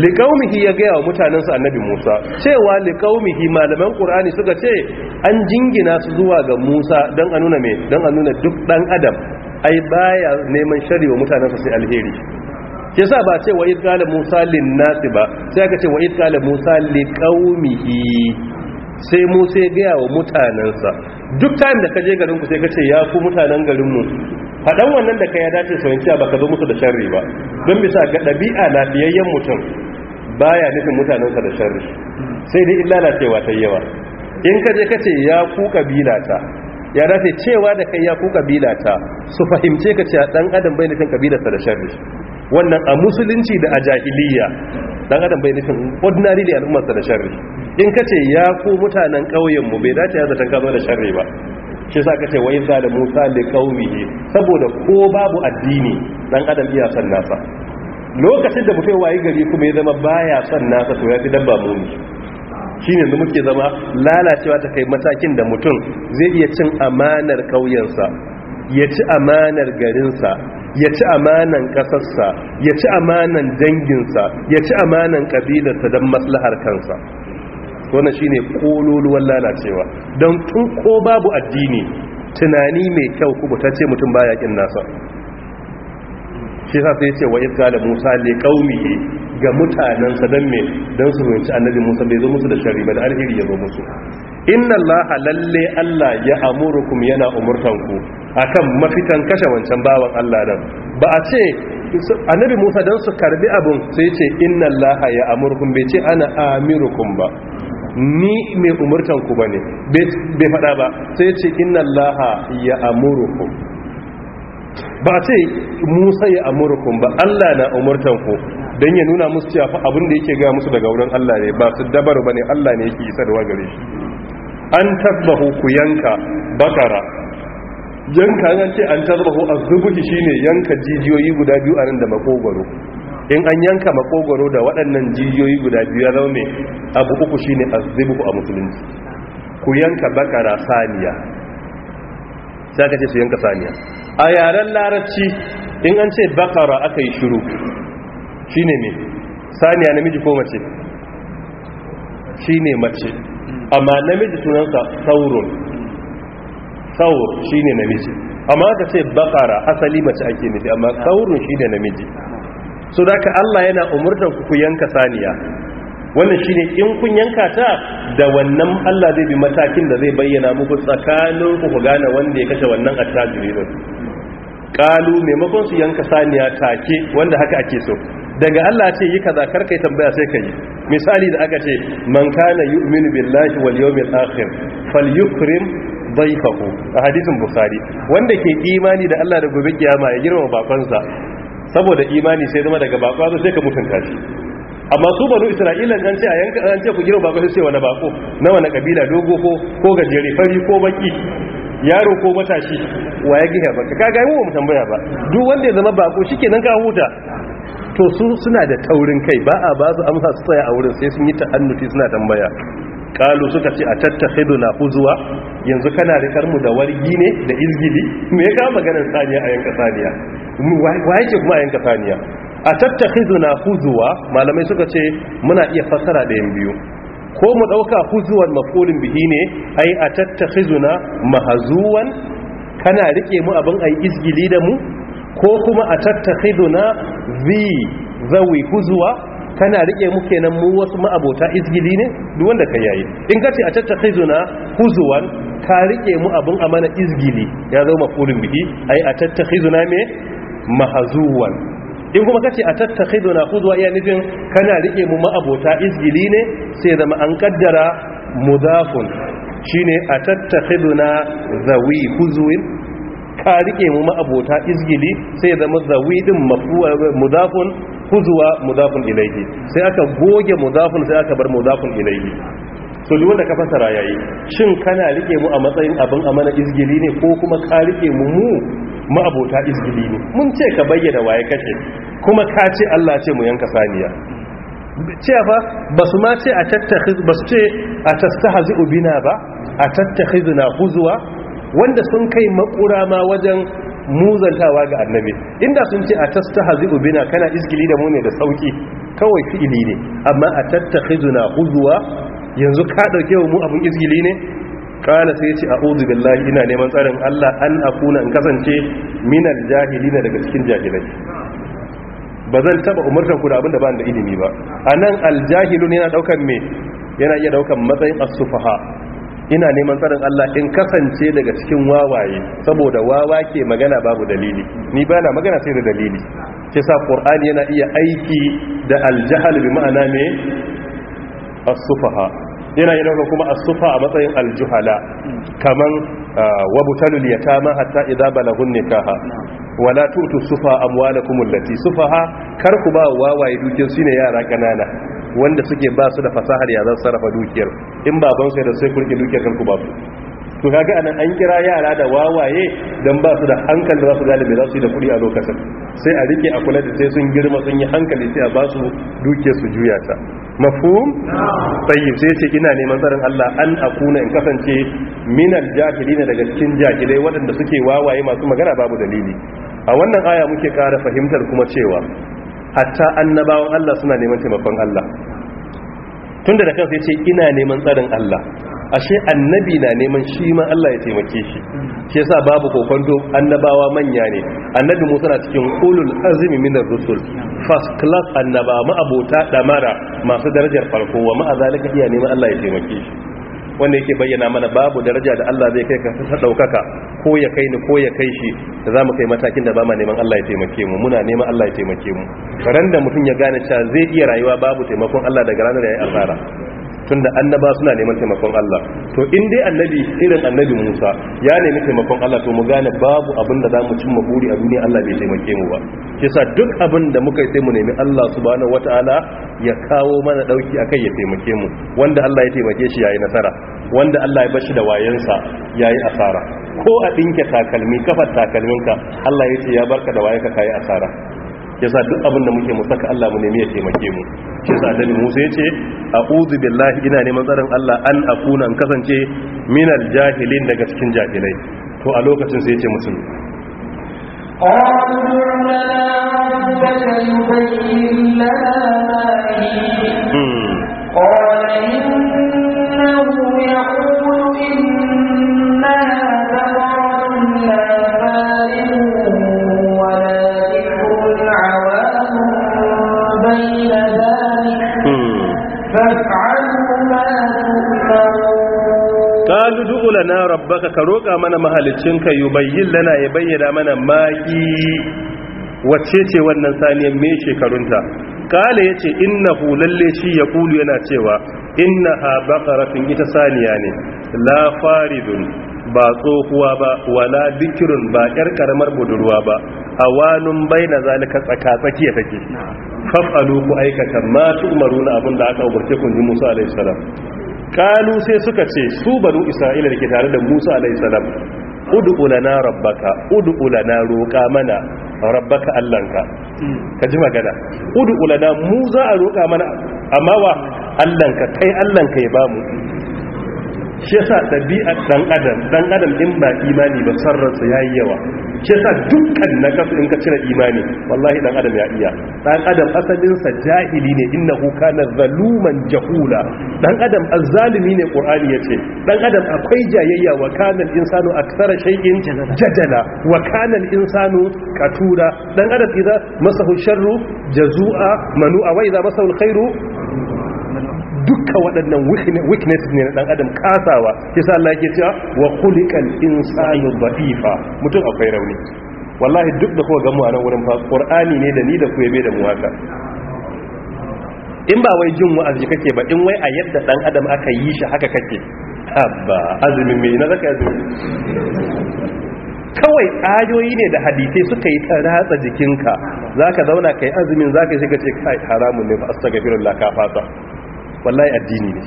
liqaumihi ya gaya wa mutanensa annabi musa cewa liqaumihi malaman qur'ani suka ce an jingina su zuwa ga musa dan a nuna me dan a nuna duk dan adam ai baya neman shari'a wa mutanensa sai alheri ke sa ba ce wa idkala musa lin nasi ba sai aka ce wa idkala musa li qaumihi sai musa ya gaya wa mutanansa duk time da ka je garin ku sai ka ce ya ku mutanen garin mu fadan wannan da kai ya dace sauyanciya ba ka zo musu da sharri ba don bisa ga dabi'a lafiyayyen mutum baya nufin mutanensa da sharri sai dai illa lalacewa ta yawa in ka je ka ce ya ku ta ya dace cewa da kai ya ku ta su fahimce ka ce dan adam bai nufin kabilarsa da sharri wannan a musulunci da a jahiliya dan adam bai nufin ordinary ne al'ummarsa da sharri in kace ya ko mutanen ƙauyen mu bai dace ya zata ka zo da sharri ba shi sa kace wa idza da musa li qaumihi saboda ko babu addini dan adam iya san nasa lokacin da mutai wayi gari kuma ya zama baya san nasa to ya fi dabba muni shi yanzu muke zama lalacewa ta kai matakin da mutum zai iya cin amanar ƙauyensa ya ci amanar garinsa ya ci amanan ƙasarsa ya ci amanan danginsa ya ci amanan ƙabilarsa don maslahar kansa wannan shine kololuwan lalacewa don tun ko babu addini tunani mai kyau kuma ta ce mutum baya kin nasa shi sa sai ce wa iska da musa ne kaumiye ga mutanensa don me don su rinci annabi musa bai zo musu da shari ba da alheri ya zo musu inna allaha lalle allah ya amurukum yana umurtanku akan mafitan kashe wancan bawan allah nan ba a ce annabi musa don su karbi abun sai ce inna allaha ya amurukum bai ce ana amirukum ba ni mai umurtanku ba ne bai faɗa ba sai ce inna allaha ya amurukum ba a ce musa ya amurkun ba allah na umurtan ku don ya nuna musu cewa abin da yake gaya musu daga wurin allah ne ba su dabar ba ne allah ne yake isarwa gare shi an tasbahu ku yanka bakara yanka an ce an tasbahu a zubuhi shine yanka jijiyoyi guda biyu a nan da makogwaro in an yanka makogwaro da waɗannan jijiyoyi guda biyu ya zama mai abu uku shine azzibu a musulunci ku yanka bakara saniya sai aka ce su yanka saniya a yaren larabci in an ce bakara aka yi shiru shine mai, saniya namiji ko mace shine mace amma namiji sunansa saurun saur shine namiji amma aka ce bakara asali mace ake nufi amma saurun shine namiji so da ka Allah yana umurtan ku yanka saniya wannan shi ne in kun yanka ta da wannan Allah zai bi matakin da zai bayyana muku tsakanin ku ku gane wanda ya kashe wannan attajiri din kalu maimakon su yanka saniya take wanda haka ake so daga Allah ce yi kaza kar kai tambaya sai kai misali da aka ce man kana yu'minu billahi wal yawmil akhir falyukrim dayfahu a hadisin bukhari wanda ke imani da Allah da gobe kiyama ya girma bakonsa saboda imani sai zama daga bako sai ka mutunta shi amma su banu isra'ila an ce a yanka an ce ku girma ku sai wani bako na wani kabila dogo ko ko gajere fari ko baki yaro ko matashi wa ya ba ka ga mu mu tambaya ba duk wanda ya zama bako shikenan ka huta to su suna da taurin kai ba a ba su amsa su tsaya a wurin sai sun yi ta'annuti suna tambaya kalu suka ce a tattakhidhu na huzuwa yanzu kana rikar mu da wargi ne da izgili me ya kawo maganar saniya a yanka saniya mu wa yake kuma a yanka saniya a na huzuwa malamai suka ce muna iya fasara ɗayan biyu ko mu ɗauka huzuwan mafulin bihi ne ai a na mahazuwan kana riƙe mu abin ai izgili da mu ko kuma a na zi zawi huzuwa kana rike mu kenan mu wasu ma'abota izgili ne duk wanda ka yayi in ka ce a na huzuwan ka riƙe mu abin amana izgili ya zama mafulin bihi ai a na me mahazuwan in kuma kace a tattakhidu na khudwa iya nufin kana rike mu ma'abota izgili ne sai zama an kaddara mudafun shine a tattakhidu na zawi khuzwin ka rike mu ma'abota izgili sai zama zawi din mudafun huzuwa mudafun ilayhi sai aka goge mudafun sai aka bar mudafun ilayhi so duk wanda ka fasara yayi shin kana rike mu a matsayin abin amana izgili ne ko kuma ka rike mu mu ma'abota izgili ne mun ce ka bayyana waye kace kuma ka ce Allah ce mu yanka saniya ce fa ba su ma ce a tattakhiz ba ce a tastahzi'u bina ba a tattakhizuna huzwa wanda sun kai makura ma wajen muzantawa ga annabi inda sun ce a tastahzi'u bina kana isgili da mu ne da sauki kawai fi'ili ne amma a tattakhizuna huzwa yanzu ka dauke mu abun isgili ne kala sai ce a'udhu billahi ina neman tsarin Allah an akuna in kasance minal jahilina daga cikin jahilai ba zan taba umurtar ku da abin da ba da ilimi ba anan aljahilun yana daukan me yana iya daukan matsayin as ina neman tsarin Allah in kasance daga cikin wawaye saboda wawa ke magana babu dalili ni ba na magana sai da dalili ke sa qur'ani yana iya aiki da aljahal bi ma'ana me asufaha. yana yi daukar kuma asufa a matsayin aljuhala kaman ah, wabutalul yatama hatta idza balagun nikaha wala tutu sufa amwalakum allati sufaha kar ku ba wawaye dukiyar ne yara kanana wanda suke ba su da fasahar ya zan sarrafa dukiyar in baban sai da sai kurki dukiyar kar ku ba su to kaga anan an kira yara da wawaye dan ba su da hankali za su gane me za su yi da kuɗi a lokacin sai a rike a kula da sai sun girma sun yi hankali sai a ba su duke su juya ta mafhum tayyib sai ce ina neman tsarin Allah an akuna in kasance minal jahilina daga cikin jahilai waɗanda suke wawaye masu magana babu dalili a wannan aya muke ƙara fahimtar kuma cewa hatta annabawan Allah suna neman taimakon Allah tunda da kansa yace ina neman tsarin Allah ashe annabi na neman shi ma Allah ya taimake shi shi yasa babu kokonto annabawa manya ne annabi Musa na cikin ulul azmi minar rusul first class annaba ma abota damara masu darajar farko wa ma azalika iya neman Allah ya taimake shi wanda yake bayyana mana babu daraja da Allah zai kai ka ta daukaka ko ya kai ni ko ya kai shi da zamu kai matakin da ba ma neman Allah ya taimake mu muna neman Allah ya taimake mu karanda da mutum ya gane cewa zai iya rayuwa babu taimakon Allah daga ranar yayi asara tunda annaba suna neman taimakon Allah to in dai annabi irin annabi Musa ya nemi taimakon Allah to mu gane babu abin da za mu cimma buri a duniya Allah bai taimake mu ba kisa duk abin da muka yi mu nemi Allah subhanahu wataala ya kawo mana dauki akai ya taimake mu wanda Allah ya taimake shi yayi nasara wanda Allah ya bashi da wayansa yayi asara ko a dinke takalmi kafar takalminka Allah ya ce ya barka da wayanka kai asara yasa duk abin da muke mu saka Allah mu nemi ya taimake mu shi yasa annabi Musa yace a'udhu billahi ina neman tsarin Allah an akuna an kasance minal jahilin daga cikin jahilai to a lokacin sai yace musulmi
hmm. قالوا
ud'u lana rabbaka ka roka mana mahaliccinka yubayyin lana ya bayyana mana maki wacce ce wannan saniyan me shekarunta kale yace innahu lalle shi ya kulu yana cewa innaha rafin ita saniya ne la faridun ba tsohuwa ba wala bikirin ba yar karamar budurwa ba awanun baina zalika tsaka ya take fa'alu ku aikata ma tu'maruna abinda aka umarce kun ji Musa alaihi salam kalu sai suka ce su banu isra'ila da ke tare da musa salam udu lana rabbaka udu lana roƙa mana rabbaka allanka ka ji magana udu lana mu za a roƙa mana amma wa allanka kai allanka ya bamu shi yasa ɗabi'ar ɗan adam ɗan adam in ba imani ba ya yi yawa ke sa dukkan na kasu in ka cire imani wallahi dan adam ya iya dan adam asalinsa jahili ne innahu kana zaluman jahula dan adam azzalimi ne qur'ani yace dan adam akwai jayayya wa kana insanu aktsara shay'in jadala wa kana insanu katura dan adam idan masahu sharru jazua manu'a wa idan masahu alkhairu duka waɗannan weakness ne na ɗan adam kasawa sa Allah ke cewa wa khuliqal insanu dha'ifa mutum akwai rauni wallahi duk da kowa gamuwa a nan wurin qur'ani ne da ni da ku yabe da mu haka in ba wai jin wa'azi kake ba in wai a yadda ɗan adam aka yi shi haka kake Abba azumin me na zaka azumi kawai ayoyi ne da hadisai suka yi ratsa jikinka zaka zauna kai azumin zaka shiga ce kai haramun ne fa astaghfirullah ka fata wallahi addini ne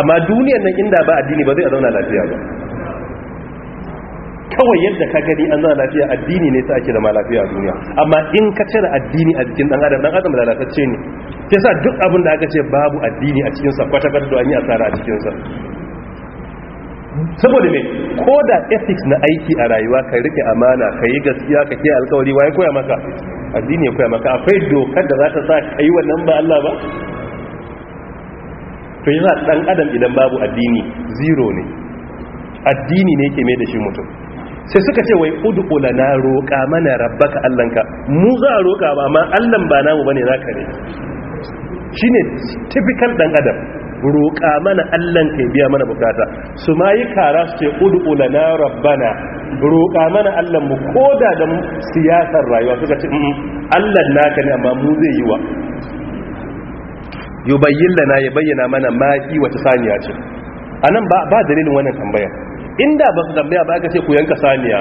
amma duniyar nan inda ba addini ba zai zauna lafiya ba kawai yadda ka gani an zauna lafiya addini ne sa ake zama lafiya a duniya amma in ka cire addini a jikin dan adam dan adam lalatacce ne sa duk abin da aka ce babu addini a cikin sa kwata-kwata da an yi asara a cikin saboda me ko da ethics na aiki a rayuwa ka rike amana ka yi gaskiya ka kiyaye alkawari waye koya maka addini ya koya maka akwai dokar da za ta sa ka yi wannan ba Allah ba to yana dan adam idan babu addini zero ne addini ne ke mai da shi mutum sai suka ce wai ud'u lana roƙa mana rabbaka allanka mu za a ba amma allan ba namu bane zaka ne shine typical dan adam roƙa mana allan kai biya mana bukata su ma yi kara su ce ud'u na, rabbana roƙa mana allan mu koda da siyasar rayuwa suka ce allan naka ne amma mu zai yi wa yubayyin lana ya bayyana mana maki wata saniya ce anan ba ba dalilin wannan tambaya inda ba su tambaya ba aka ce ku yanka saniya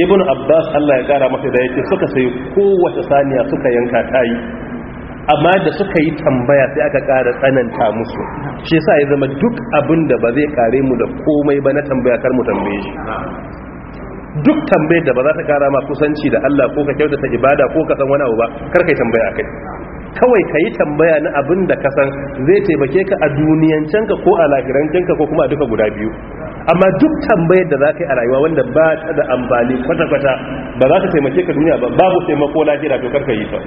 ibnu abbas Allah ya kara masa da yake suka sai kowace saniya suka yanka ta yi, amma da suka yi tambaya sai aka kara tsananta musu shi sa ya zama duk abin da ba zai kare mu da komai ba na tambaya kar mu tambaye shi duk tambayar da ba za ta kara ma kusanci da Allah ko ka kyautata ibada ko ka san wani abu ba kar kai tambaya kai kawai ka yi tambaya na abin da ka san zai taimake ka a duniyancenka ko a lahirancenka ko kuma a duka guda biyu amma duk tambayar da za ka yi a rayuwa wanda ba ta da amfani kwata-kwata ba za ka taimake ka duniya ba babu taimako lahira to karka yi ta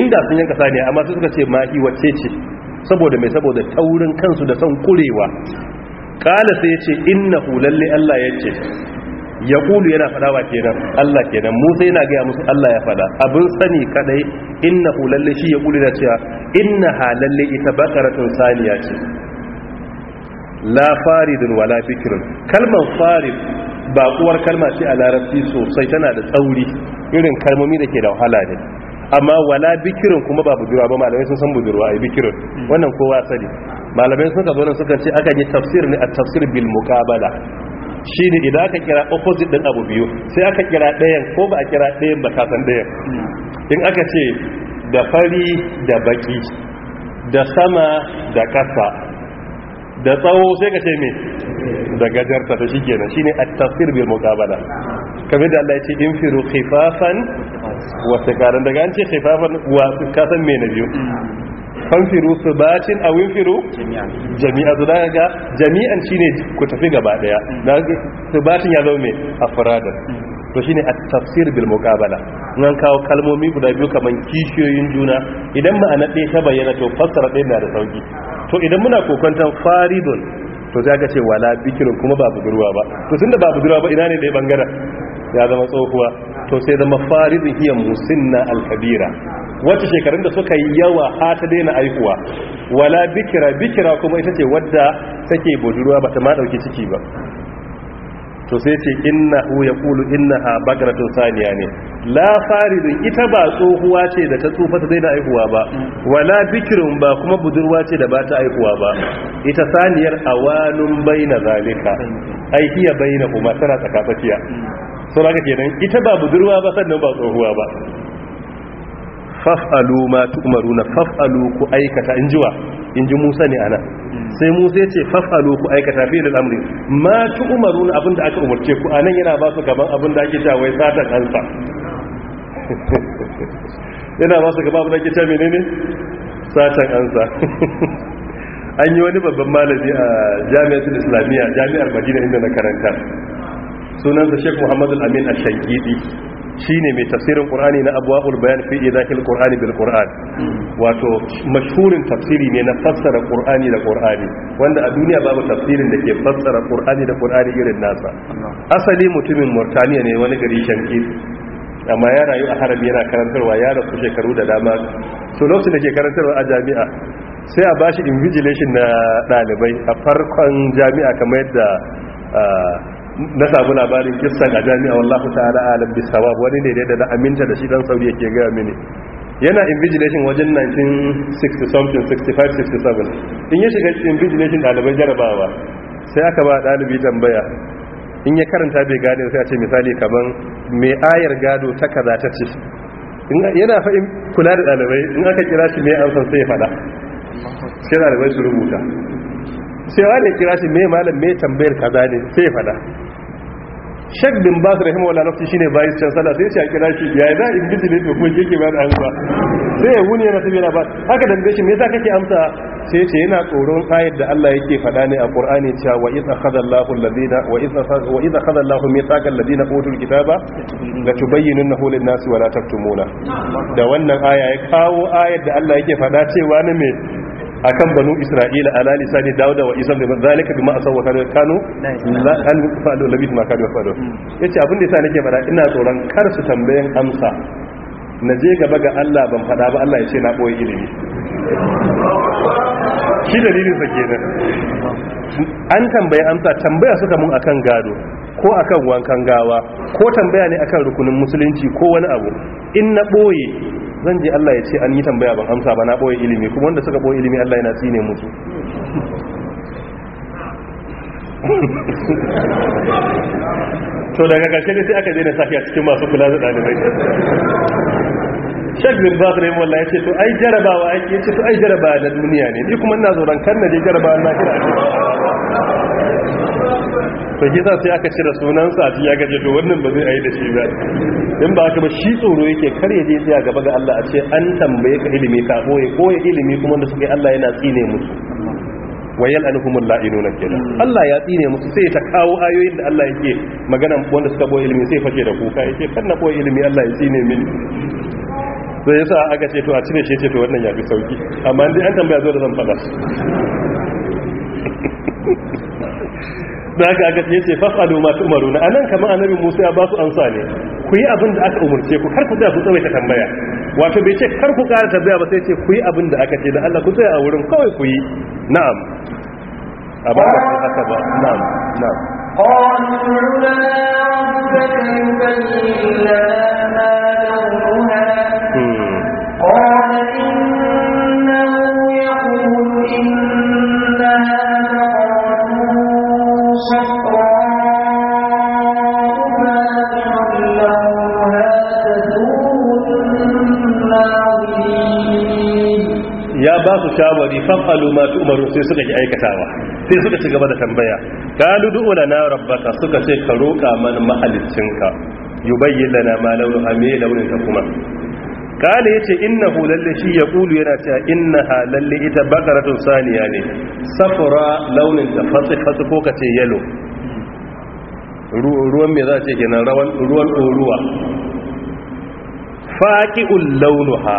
inda sun yanka saniya amma su suka ce mahi wacce ce saboda mai saboda taurin kansu da son kurewa kala sai ce innahu lalle Allah ya ce ya kulu yana fada ba kenan Allah kenan Musa yana gaya musu Allah ya fada abin sani kadai inna lalle shi ya kulu da cewa inna halalle ita bakaratun saniya ce la faridun wala fikrun kalmar farid ba uwar kalma ce a larabci sosai tana da tsauri irin kalmomi da ke da wahala ne amma wala bikirin kuma ba budurwa ba malamai sun san budurwa ai bikirin wannan kowa sani malamai suka zo nan suka ce akan yi tafsir ne a tafsir bil muqabala Shi ne idan aka kira opposite din abu biyu sai aka kira ɗayan ko ba a kira ɗayan ba kasan san ɗayan hmm. in aka ce da fari da baki da sama da ƙasa da tsawo sai ka ce mai da gajarta to shi ne a tafsir bil mukabala kamar da Allah ya ce firu khifafan wa sakaran daga an ce khifafan wa kasan mai na biyu hmm. fanfiru su bacin a winfiru jami'a su daga ga jami'an shine ku tafi gaba daya su bacin ya mai a faradar. Mm. to shine a tafsir bil muqabala nan kawo kalmomi guda biyu kaman kishiyoyin juna idan ma'ana ɗaya ta bayyana to fassara ɗaya na da sauki to idan muna kokantan faridun to za ka ce wala bikirun kuma ba budurwa ba to tunda ba budurwa ba ina ne ɗaya bangaren ya zama tsohuwa to sai zama faridun hiya musinna alkabira wacce shekarun da suka yi yawa ha ta daina aihuwa wala bikira bikira kuma ita ce wadda take budurwa ba ta ma dauki ciki ba to sai ce innahu yaqulu innaha bagratu saniya ne la faridun ita ba tsohuwa ce da ta tsufa ta daina aihuwa ba wala bikirun ba kuma budurwa ce da ba ta aihuwa ba ita saniyar awanun baina zalika bai baina kuma tana tsakatsakiya sau da kenan ita ba budurwa ba sannan ba tsohuwa ba faf'alu ma tu'maruna faf'alu ku aikata in jiwa in ji Musa ne ana sai Musa ya ce faf'alu ku aikata fi da amri ma tu'maruna abinda aka umarce ku anan yana ba su gaban abinda ake cewa wai satan ansa
[laughs]
yana ba su gaban abinda ake cewa menene satan ansa [laughs] an yi wani babban malami a jami'atul islamiyya jami'ar madina inda na karanta sunansa sheikh muhammadu al-amin al-shankidi Shi shine mai tafsirin qur'ani na abwaul bayan fi idahil qur'ani bil qur'an wato mashhurin tafsiri ne na fassara qur'ani da qur'ani wanda a duniya babu tafsirin da ke fassara qur'ani da qur'ani irin nasa asali mutumin murtaniya ne wani gari shanki amma ya rayu a harabi yana karantarwa ya rasu shekaru da dama so lokacin da ke karantarwa a jami'a sai a bashi invigilation na ɗalibai a farkon jami'a kamar yadda ah, na samu labarin kissan a jami'a wallahu ta'ala alam bi sawab wani ne da aminta da shi dan sauri yake ga mini yana invigilation wajen 1960 something 65 67 in ya shiga invigilation dalibai jarabawa sai aka ba dalibi tambaya in ya karanta bai gane sai a ce misali kaman mai ayar gado ta kaza ta ce yana fa'in kula da dalibai in aka kira shi an san sai ya faɗa sai dalibai su rubuta sai wani kira shi me malam me tambayar kaza ne sai ya faɗa shek bin bas rahim wala nafsi shine bayis chancellor sai ya kira shi ya da in bijile to kuma yake ba da amsa sai ya wuni yana tafi yana ba haka dambe shi me yasa kake amsa sai ce yana tsoron ayat da Allah yake faɗa ne a Qur'ani cewa wa idza khadha Allahu alladhina wa idza wa idza khadha Allahu mithaqa alladhina utul kitaba la tubayyinunahu lin-nasi wa la taktumuna da wannan aya ya kawo ayat da Allah yake faɗa cewa ne me akan banu isra'ila ala lisani dauda wa isa bin zalika bima asawwa kanu la an fa'alu labi ma kadu fa'alu hmm. yace abin da yasa nake fada ina tsoron kar su tambayen amsa na je gaba ga Allah ban fada ba Allah ya ce na boye ilimi shi dalilin sa kenan an tambaye amsa tambaya suka mun akan gado ko akan wankan gawa ko tambaya ne akan rukunin musulunci ko wani abu in na boye zan je Allah ya ce an yi tambaya ban amsa ba na boye ilimi kuma wanda suka boye ilimi Allah yana tsine musu [laughs] to daga gashe ne sai aka daina sashi a cikin masu kula da ɗalibai shek bin baz rai walla ya ce to ai jarabawa ake ce to ai jarabawa na duniya ne ni kuma ina zoron kan na je jarabawa na kira to shi sa sai aka cire sunansa a ya gaje to wannan ba zai ayi da shi ba in ba haka ba shi tsoro yake kar ya je tsaya gaba ga Allah a ce an tambaye ka ilimi ka boye ko ya ilimi kuma da suke Allah yana tsine musu wayal anhumul la'inun kida Allah ya tsine musu sai ta kawo ayoyin da Allah yake magana wanda suka boye ilimi sai fake da kuka yake kan na boye ilimi Allah ya tsine mini sai yasa aka ce to a cire shi ce to wannan ya fi sauki amma dai an tambaya zo da zan fada da haka aka ce ce fasalu ma na anan kamar annabi Musa ya ba su ansa ne ku yi abin da aka umurce ku kar ku da ku tsawaita tambaya wato bai ce kar ku ƙara tambaya ba sai ce ku yi abin da aka ce da Allah ku tsaya a wurin kawai ku yi na'am amma ba ku haka ba na'am na'am قالوا la ربك illa لنا ما kabari fa'alu ma tu'maru sai suka ki aikatawa sai suka ci gaba da tambaya qalu du'u na rabbaka suka ce ka roka mana mahaliccinka yubayyin lana ma lawu ame launin ta kuma kala yace innahu lalle shi ya kulu yana cewa innaha lalle ita bakaratun saniya ne safra launin ta fatsi fatsi ko kace yalo ruwan me za ce kenan rawan ruwan doruwa faqi'ul launuha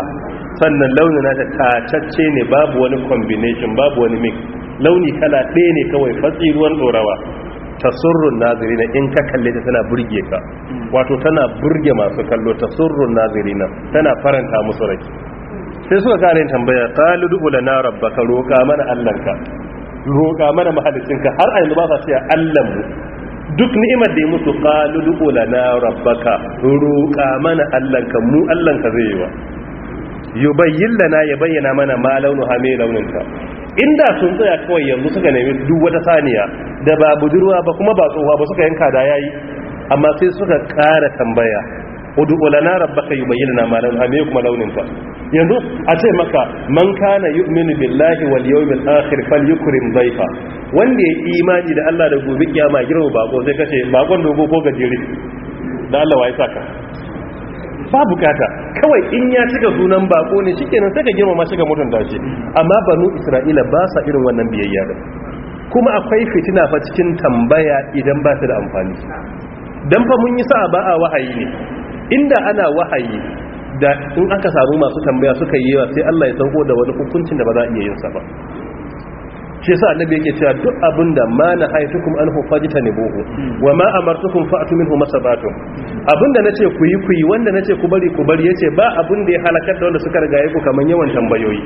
sannan launin nata tatacce ne babu wani combination babu wani mix launi kala ɗaya ne kawai fatsi ruwan dorawa tasurrun nazirina in ka kalle ta tana burge ka wato tana burge masu kallo tasurrun nazirina tana faranta musu rai sai suka kare tambaya qalu na rabba rabbaka roka mana allanka roka mana ka har a yanzu ba sa cewa allan mu duk ni'imar da ya mutu qalu na rabba rabbaka roka mana allanka mu allanka zai yi wa yubayyin lana ya bayyana mana ma launu ha mai launinta inda sun tsaya kawai yanzu suka nemi duk wata saniya da ba budurwa ba kuma ba tsohuwa ba suka yanka da yayi amma sai suka ƙara tambaya ud'u ulana rabbaka yubayyin lana ma launu ha mai kuma launinta yanzu a ce maka man kana yu'minu billahi wal yawmil akhir falyukrim dayfa wanda ya imani da Allah da gobe kiyama girma bako sai kace bakon dogo ko gajere da Allah wai saka ba bukata kawai in ya cika sunan bako ne shikenan sai ka girmama shi ga mutunta shi amma banu isra'ila ba sa irin wannan biyayya ba kuma akwai fitina fa cikin tambaya idan ba ta da amfani dan fa mun yi sa'a ba a wahayi ne inda ana wahayi da in aka samu masu tambaya suka yi yawa sai Allah ya sauko da wani hukuncin da ba za a iya yin sa ba shi sa annabi yake cewa duk abinda ma na haitukum an hufajita ne bohu wa ma amartukum fa'atu minhu masabatun abinda nace ku yi ku yi wanda nace ku bari ku bari yace ba abinda ya halakar da wanda suka rigaye ku kaman yawan tambayoyi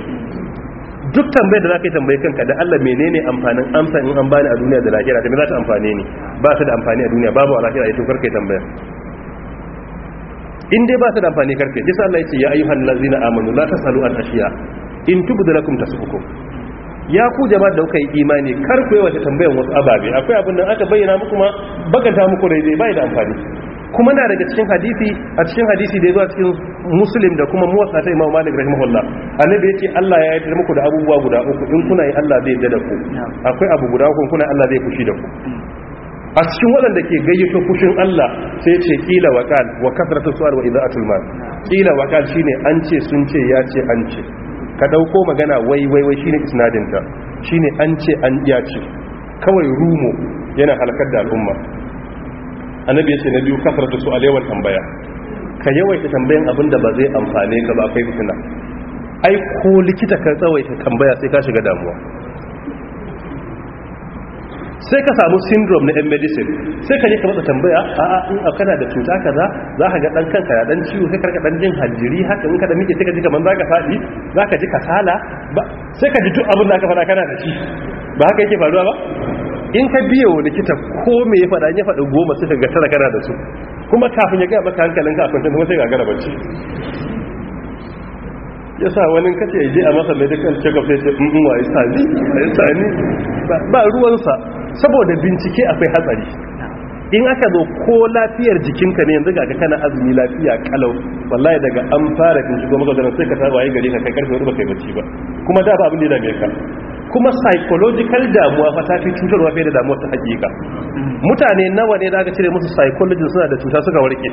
duk tambayar da zaka yi tambaye kanka da Allah menene amfanin amsa in an bani a duniya da lahira da me za ta amfane ni ba ta da amfani a duniya babu a lahira yato karkai tambaya in dai ba ta da amfani karkai jisa Allah yace ya ayyuhan lazina amanu la tasalu an ashiya in tubdu lakum tasukukum ya ku jama'a da kuka yi imani kar ku yi wata tambayar wasu ababe akwai abin da aka bayyana muku ma baganta muku daidai bai da amfani kuma na daga cikin hadisi a cikin hadisi da ya zuwa cikin muslim da kuma muwasa ta imamu malik rahimahullah annabi yace Allah ya yarda muku da abubuwa guda uku in kuna yi Allah zai yarda da ku akwai abu guda uku kuna Allah zai fushi da ku a cikin waɗanda ke gayyato fushin Allah sai ce kila waqal wa kasratu su'al wa ida'atul mal kila waqal shine an ce sun ce ya ce an ce ka dauko magana wai wai wai shine isnadinta shine an ce an iya ce kawai rumo yana halakar da al'umma annabi ya ce na biyu kasarta su alewar tambaya ka yawaita tambayan abin da ba zai amfane ka ba kai fitina ai ko likita ka tsawaita tambaya sai ka shiga damuwa sai ka samu syndrome na yan medicine sai ka je ka matsa tambaya a a in a kana da cuta kaza za ka ga dan kanka ya dan ciwo sai ka dan jin hanjiri haka in ka da miƙe sai ka ji kaman za ka faɗi za ka ji kasala sai ka ji duk abin da aka faɗa kana da shi ba haka yake faruwa ba in ka biya wa likita ko me ya faɗa ya faɗa goma sai ka ga tara kana da su kuma kafin ya gaya maka hankalinka a kwanciyar kuma sai ga gara bacci ya sa wani kace ya je a masa medical check-up sai ce mm, mm, in wa ya sani ba ruwansa saboda bincike akwai hatsari in aka zo ko lafiyar jikinka ne yanzu ga kana azumi lafiya kalau wallahi daga an fara binciko maka ganin sai ka saba yi gari ka kai karfe wani ba kai bacci ba kuma da ba abin da ya ka kuma psychological damuwa fa ta fi cutarwa fiye da damuwa ta hakika mutane nawa ne da aka cire musu psychology suna da cuta suka warke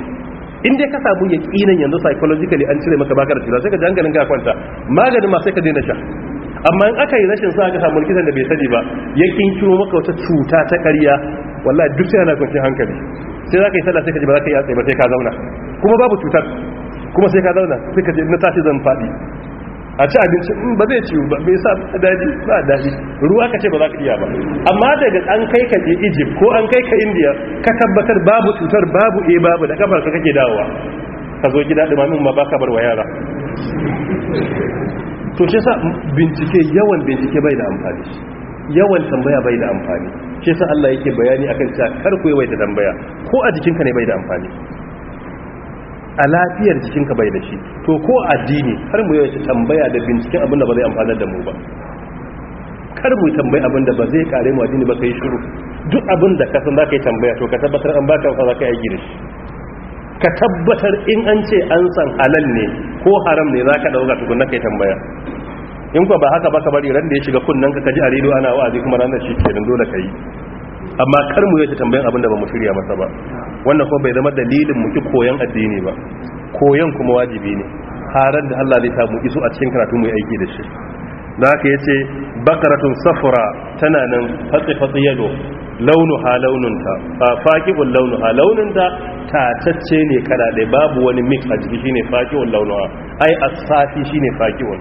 in dai ka samu yaƙinin yanzu psychologically an cire maka bakar cuta sai ka ji ga kwanta maganin ma sai ka daina sha amma in aka yi rashin sa aka samun likitan da bai sani ba ya kinkiro maka wata cuta ta ƙarya wallahi duk sai ana kwanciyar hankali sai za ka yi sallah sai ka ji ba za ka yi a tsaye ba sai ka zauna kuma babu cutar kuma sai ka zauna sai ka ji na tashi zan faɗi a ci abinci mm, ba zai ciwo ba bai sa daji ba daji ruwa ka ce ba za ka iya ba amma daga an kai ka je egypt ko an kai ka india ka tabbatar babu cutar babu e babu da kafar ka kake dawowa ka zo gida ɗumamin ma ba ka bar wa yara to shi sa bincike yawan bincike bai da amfani yawan tambaya bai da amfani shi sa Allah yake bayani akan cewa kar ku yawaita tambaya ko a jikinka ne bai da amfani a lafiyar jikinka bai da shi to ko addini kar mu yawaita tambaya da binciken abin da ba zai amfanar da mu ba kar mu tambayi abin da ba zai kare mu addini ba kai shiru duk abin da ka san zaka yi tambaya to ka tabbatar an baka fa zaka yi gire ka tabbatar in an ce an san halal ne ko haram ne za ka ɗauka na kai tambaya in kuwa ba haka ba ka bari ran da ya shiga kunnen ka kaji a rido ana wa'azi kuma ranar shi ke dole ka yi amma kar mu yace tambayan abin da ba mu shirya masa ba wannan kuma bai zama dalilin mu ki koyan addini ba koyan kuma wajibi ne haran da Allah zai ta mu iso a cikin karatu mu yi aiki da shi da haka ya ce bakaratun safura tana nan fatsi-fatsi yalo ha launinta faƙiƙun ha launinta tatacce ne kanaɗe babu wani mix a jiki shine faƙiƙun ha ai a safi shine faƙiƙun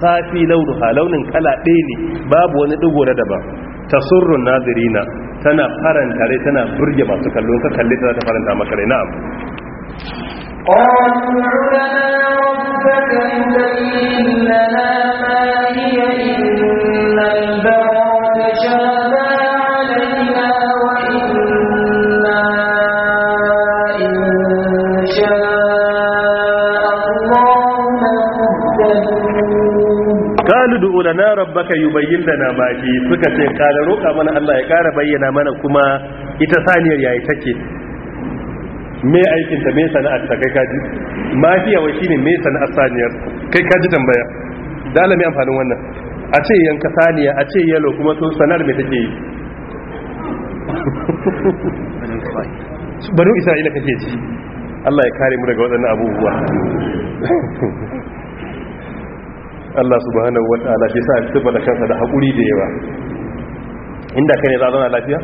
safi launu ha launin kala kalaɗe ne babu wani ɗigo da daban tasurrun nazirina tana faranta rai tana burge masu kallon ka kalli tana ta faranta maka rai na'am
قالوا لنا ربك يبين لنا ما هي
yaquluna na rabbaka yubayyin lana ma fi suka ce kada roka mana Allah ya kara bayyana mana kuma ita saniyar yayi take me aikin ta me sana'ar ta kai kaji ma fi yawa shine me sana'ar saniyar kai kaji tambaya me amfanin wannan a ce yanka saniya a ce yalo kuma to sanar me take yi [laughs] isa ila kake ci Allah ya kare mu daga waɗannan abubuwa [laughs] Allah subhanahu wataala shi sa tuba da kansa da hakuri da yawa inda kai ne za zauna lafiya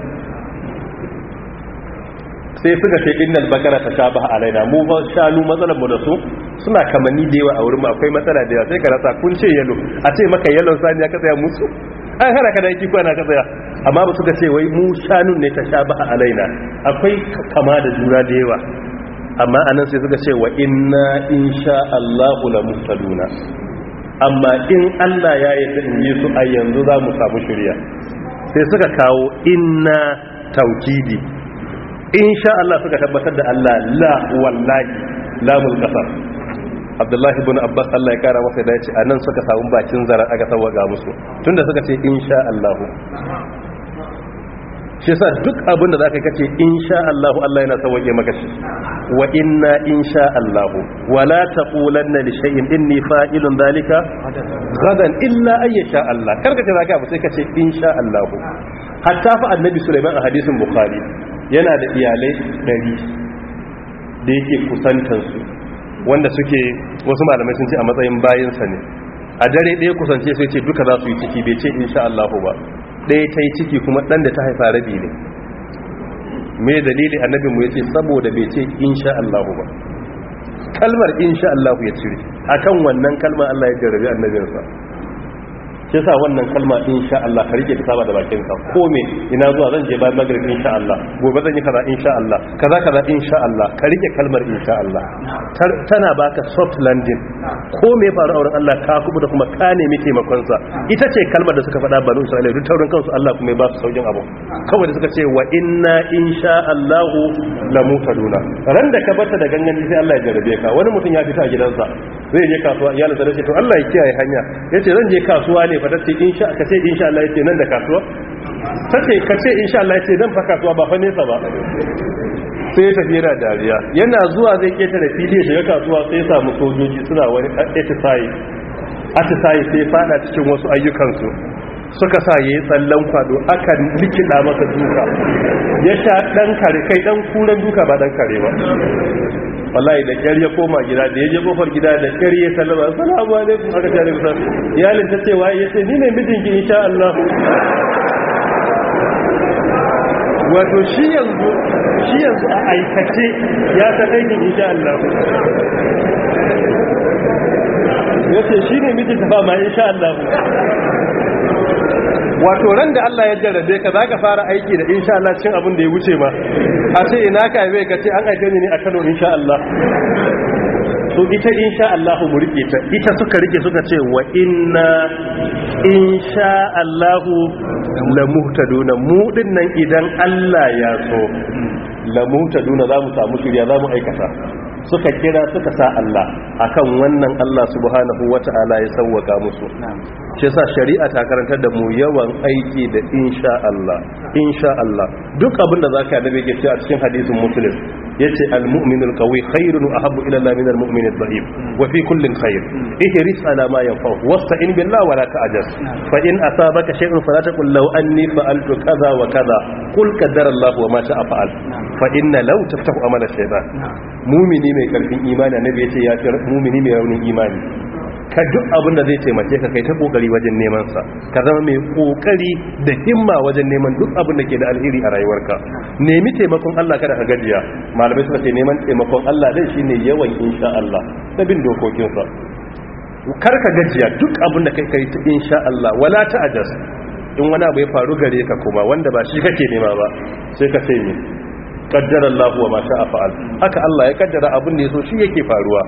sai suka ce innal bakara tashabaha alaina mu ba shanu matsalar mu da su suna kamanni da yawa a wurin mu akwai matsala da yawa sai ka rasa kun ce yalo a ce maka yalon sani ya kasaya musu an hana ka da yake kwana kasaya amma ba suka ce wai mu shanun ne tashabaha alaina akwai kama da jura da yawa amma anan sai suka ce wa inna insha Allahu la muhtaduna amma in Allah ya yi in yi su a yanzu za mu samu shirya sai suka kawo inna taukidi in sha Allah suka tabbatar da Allah la wallahi lamun kasar abdullahi bin abbas Allah ya kara masa da a nan suka samu bakin zara aka tawaga musu tunda suka ce in sha Allah shi sa duk abin da za ka kace in sha Allah Allah yana tawage maka shi wa inna insha Allah wala taqulanna li shay'in inni fa'ilun dhalika gadan illa ayya sha Allah karka ce zaka ba sai ka ce sha Allah hatta fa annabi Sulaiman a hadisin Bukhari yana da iyalai dari da yake kusantar su wanda suke wasu malamai sun ce a matsayin bayansa ne a dare ɗaya kusance sai ce duka za su yi ciki bai ce insha Allah ba ɗaya ta yi ciki kuma ɗan da ta haifa rabi ne me dalili annabi mu yace saboda bai ce insha Allah ba kalmar insha Allah ya cire akan wannan kalmar Allah ya jarrabi annabinsa shi sa wannan kalma insha Allah ka rike ta saba da bakin ka ko me ina zuwa zan je bayan magrib insha Allah gobe zan yi kaza insha Allah kaza kaza insha Allah ka rike kalmar insha Allah tana baka soft landing ko me faru auren Allah ka kubu da kuma ka nemi taimakon sa ita ce kalmar da suka faɗa banu Isra'ila duk taurin kansu Allah kuma ya ba su saukin abu kawai da suka ce wa inna insha Allah la mutaduna ran da ka bata da gangan sai Allah ya jarabe ka wani mutum ya fita a gidansa zai je kasuwa iyalin sa ce to Allah ya kiyaye hanya yace zan je kasuwa ne fa tace insha ka ce insha Allah yace nan da kasuwa tace ka ce insha Allah yace dan fa kasuwa ba fa nesa ba sai ya tafi yana dariya yana zuwa zai ketare fili shiga kasuwa sai ya samu sojoji suna wani atisayi atisayi sai fada cikin wasu ayyukansu suka sa ya yi tsallon kwado aka likida masa duka ya sha ɗan kare kai ɗan kuren duka ba ɗan kare ba wallahi da kyar ya koma gida da ya je kofar gida da kyar ya sallama assalamu alaikum aka tare da iyalin ta ce, wai ya ce ni ne ki insha Allah wato shi yanzu shi yanzu a aikace ya ta aikin insha Allah ya ce shi ne ta ba ma insha Allah wato ran da Allah ya jarrabe ka zaka fara aiki da insha Allah cin abin da ya wuce ma a ce ina ka yi ka ce an aike ni ne a Kano insha Allah so ita insha Allah mu rike ta ita suka rike suka ce wa inna insha Allah la muhtaduna mu nan idan Allah ya so la muhtaduna za mu samu shirya za mu aikata suka kira suka sa Allah akan wannan Allah subhanahu wata'ala ya sauwaka musu shi yasa shari'a ta karantar da mu yawan aiki da insha Allah insha Allah duk abin da zaka da yake cewa a cikin hadisin muslim yace al-mu'minul qawi khairun ahabbu ila Allah min al-mu'min ad-da'if wa fi kullin khair hmm. ihris ala ma yanfa'u wasta'in billahi wa la fa in asabaka shay'un fala taqul law anni fa'altu kaza wa kaza qul qaddara Allah wa ma sha'a fa'al fa inna law taftahu amala shaytan mumini mai karfin imani annabi yace ya fi mumini mai raunin imani ka duk abin da zai taimake ka kai ta kokari wajen neman sa ka zama mai kokari da himma wajen neman duk abin da ke da alheri a rayuwarka nemi taimakon Allah kada ka gajiya malamai suka ce neman taimakon Allah dai shine yawan insha Allah da bin dokokin sa kar ka gajiya duk abin da kai kai insha Allah wala ta'ajas in wani abu ya faru gare ka kuma wanda ba shi kake nema ba sai ka ce ne kaddara Allah wa ma sha'a fa'al haka Allah ya kaddara abin da yaso shi yake faruwa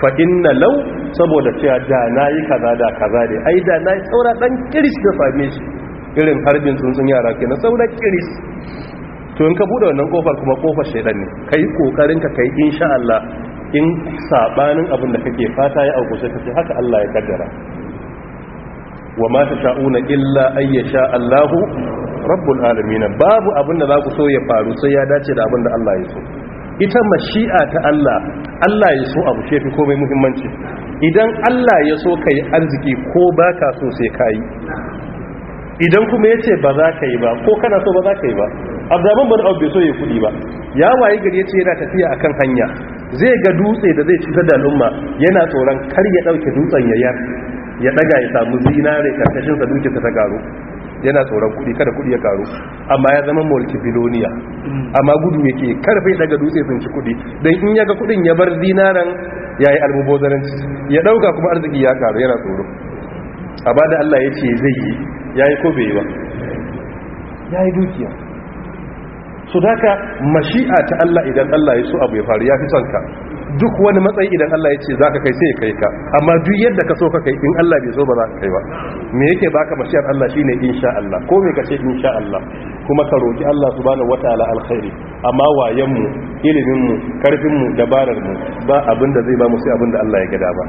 fa inna law saboda cewa da nayi kaza da kaza ne ai da nayi saura dan kiris da same shi irin harbin tsuntsun yara ke na saura kiris to in ka bude wannan kofar kuma kofar shedan ne kai kokarin ka kai insha Allah in saɓanin abin da kake fata ya auku sai kace haka Allah ya kaddara wa ma tasha'una illa ayyasha Allahu rabbul alamin babu abin da za ku so ya faru sai ya dace da abin da Allah ya so ita mashi'a ta Allah Allah ya so abu shefi komai muhimmanci idan Allah ya so kai arziki ko baka so sai kai idan kuma yace ba za ka yi ba ko kana so ba za ka yi ba Abdurrahman bin abu bai so ya kudi ba ya waye gari yace yana tafiya akan hanya zai ga dutse da zai cutar da al'umma yana tsoron kar ya dauke dutsen ya ɗaga ya daga ya samu zinare karkashin sa duke ta garo yana tsoron kudi kada kudi ya karu amma ya zama multibiloniya amma gudu yake karfe daga dutse sun ci kudi don in ya kudin ya bar zinaran ya yi almubozaranci ya dauka kuma arziki ya karu yana tsoro a ba da allah ya ce zai yi ya yi ko bai yi ba ya yi dukiya su daga mashi'a ta allah idan allah ya so abu ya faru ya fi son ka duk wani matsayi idan Allah ya ce za ka kai sai kai ka amma duk yadda ka so ka kai in Allah bai so ba za ka kai ba me yake baka mashiyar Allah shine insha Allah ko me kace insha Allah kuma ka roki Allah subhanahu wataala alkhairi amma wayan mu ilimin mu karfin mu dabarar mu ba abin da zai ba mu sai abin da Allah ya gada ba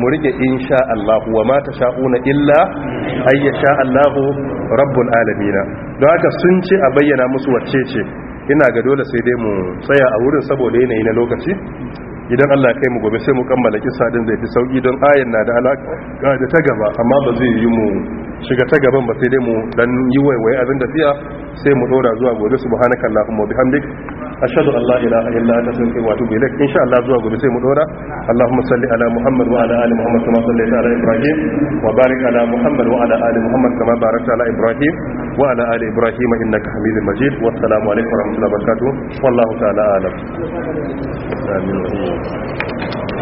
mu rike insha Allah wa ma tasha'una illa ayyasha Allah rabbul alamin don haka sun ce a bayyana musu wacce ce ina ga dole sai dai mu tsaya a wurin saboda yanayi na lokaci idan Allah kai mu gobe sai mu kammala kissa din zai fi sauki don ayin na da alaka da ta gaba amma ba zai yi mu shiga ta gaban ba sai dai mu dan yi waiwaye abin da fiya sai mu dora zuwa gobe subhanakallahumma wa bihamdik ashhadu allah la ilaha illa anta astaghfiruka wa atubu ilaik insha Allah zuwa gobe sai mu dora Allahumma salli ala Muhammad wa ala ali Muhammad kama sallaita ala Ibrahim wa barik ala Muhammad wa ala ali Muhammad kama barakta ala Ibrahim wa ala ali Ibrahim ka Hamidul Majid wa assalamu alaikum wa rahmatullahi wa barakatuh wallahu ta'ala alam amin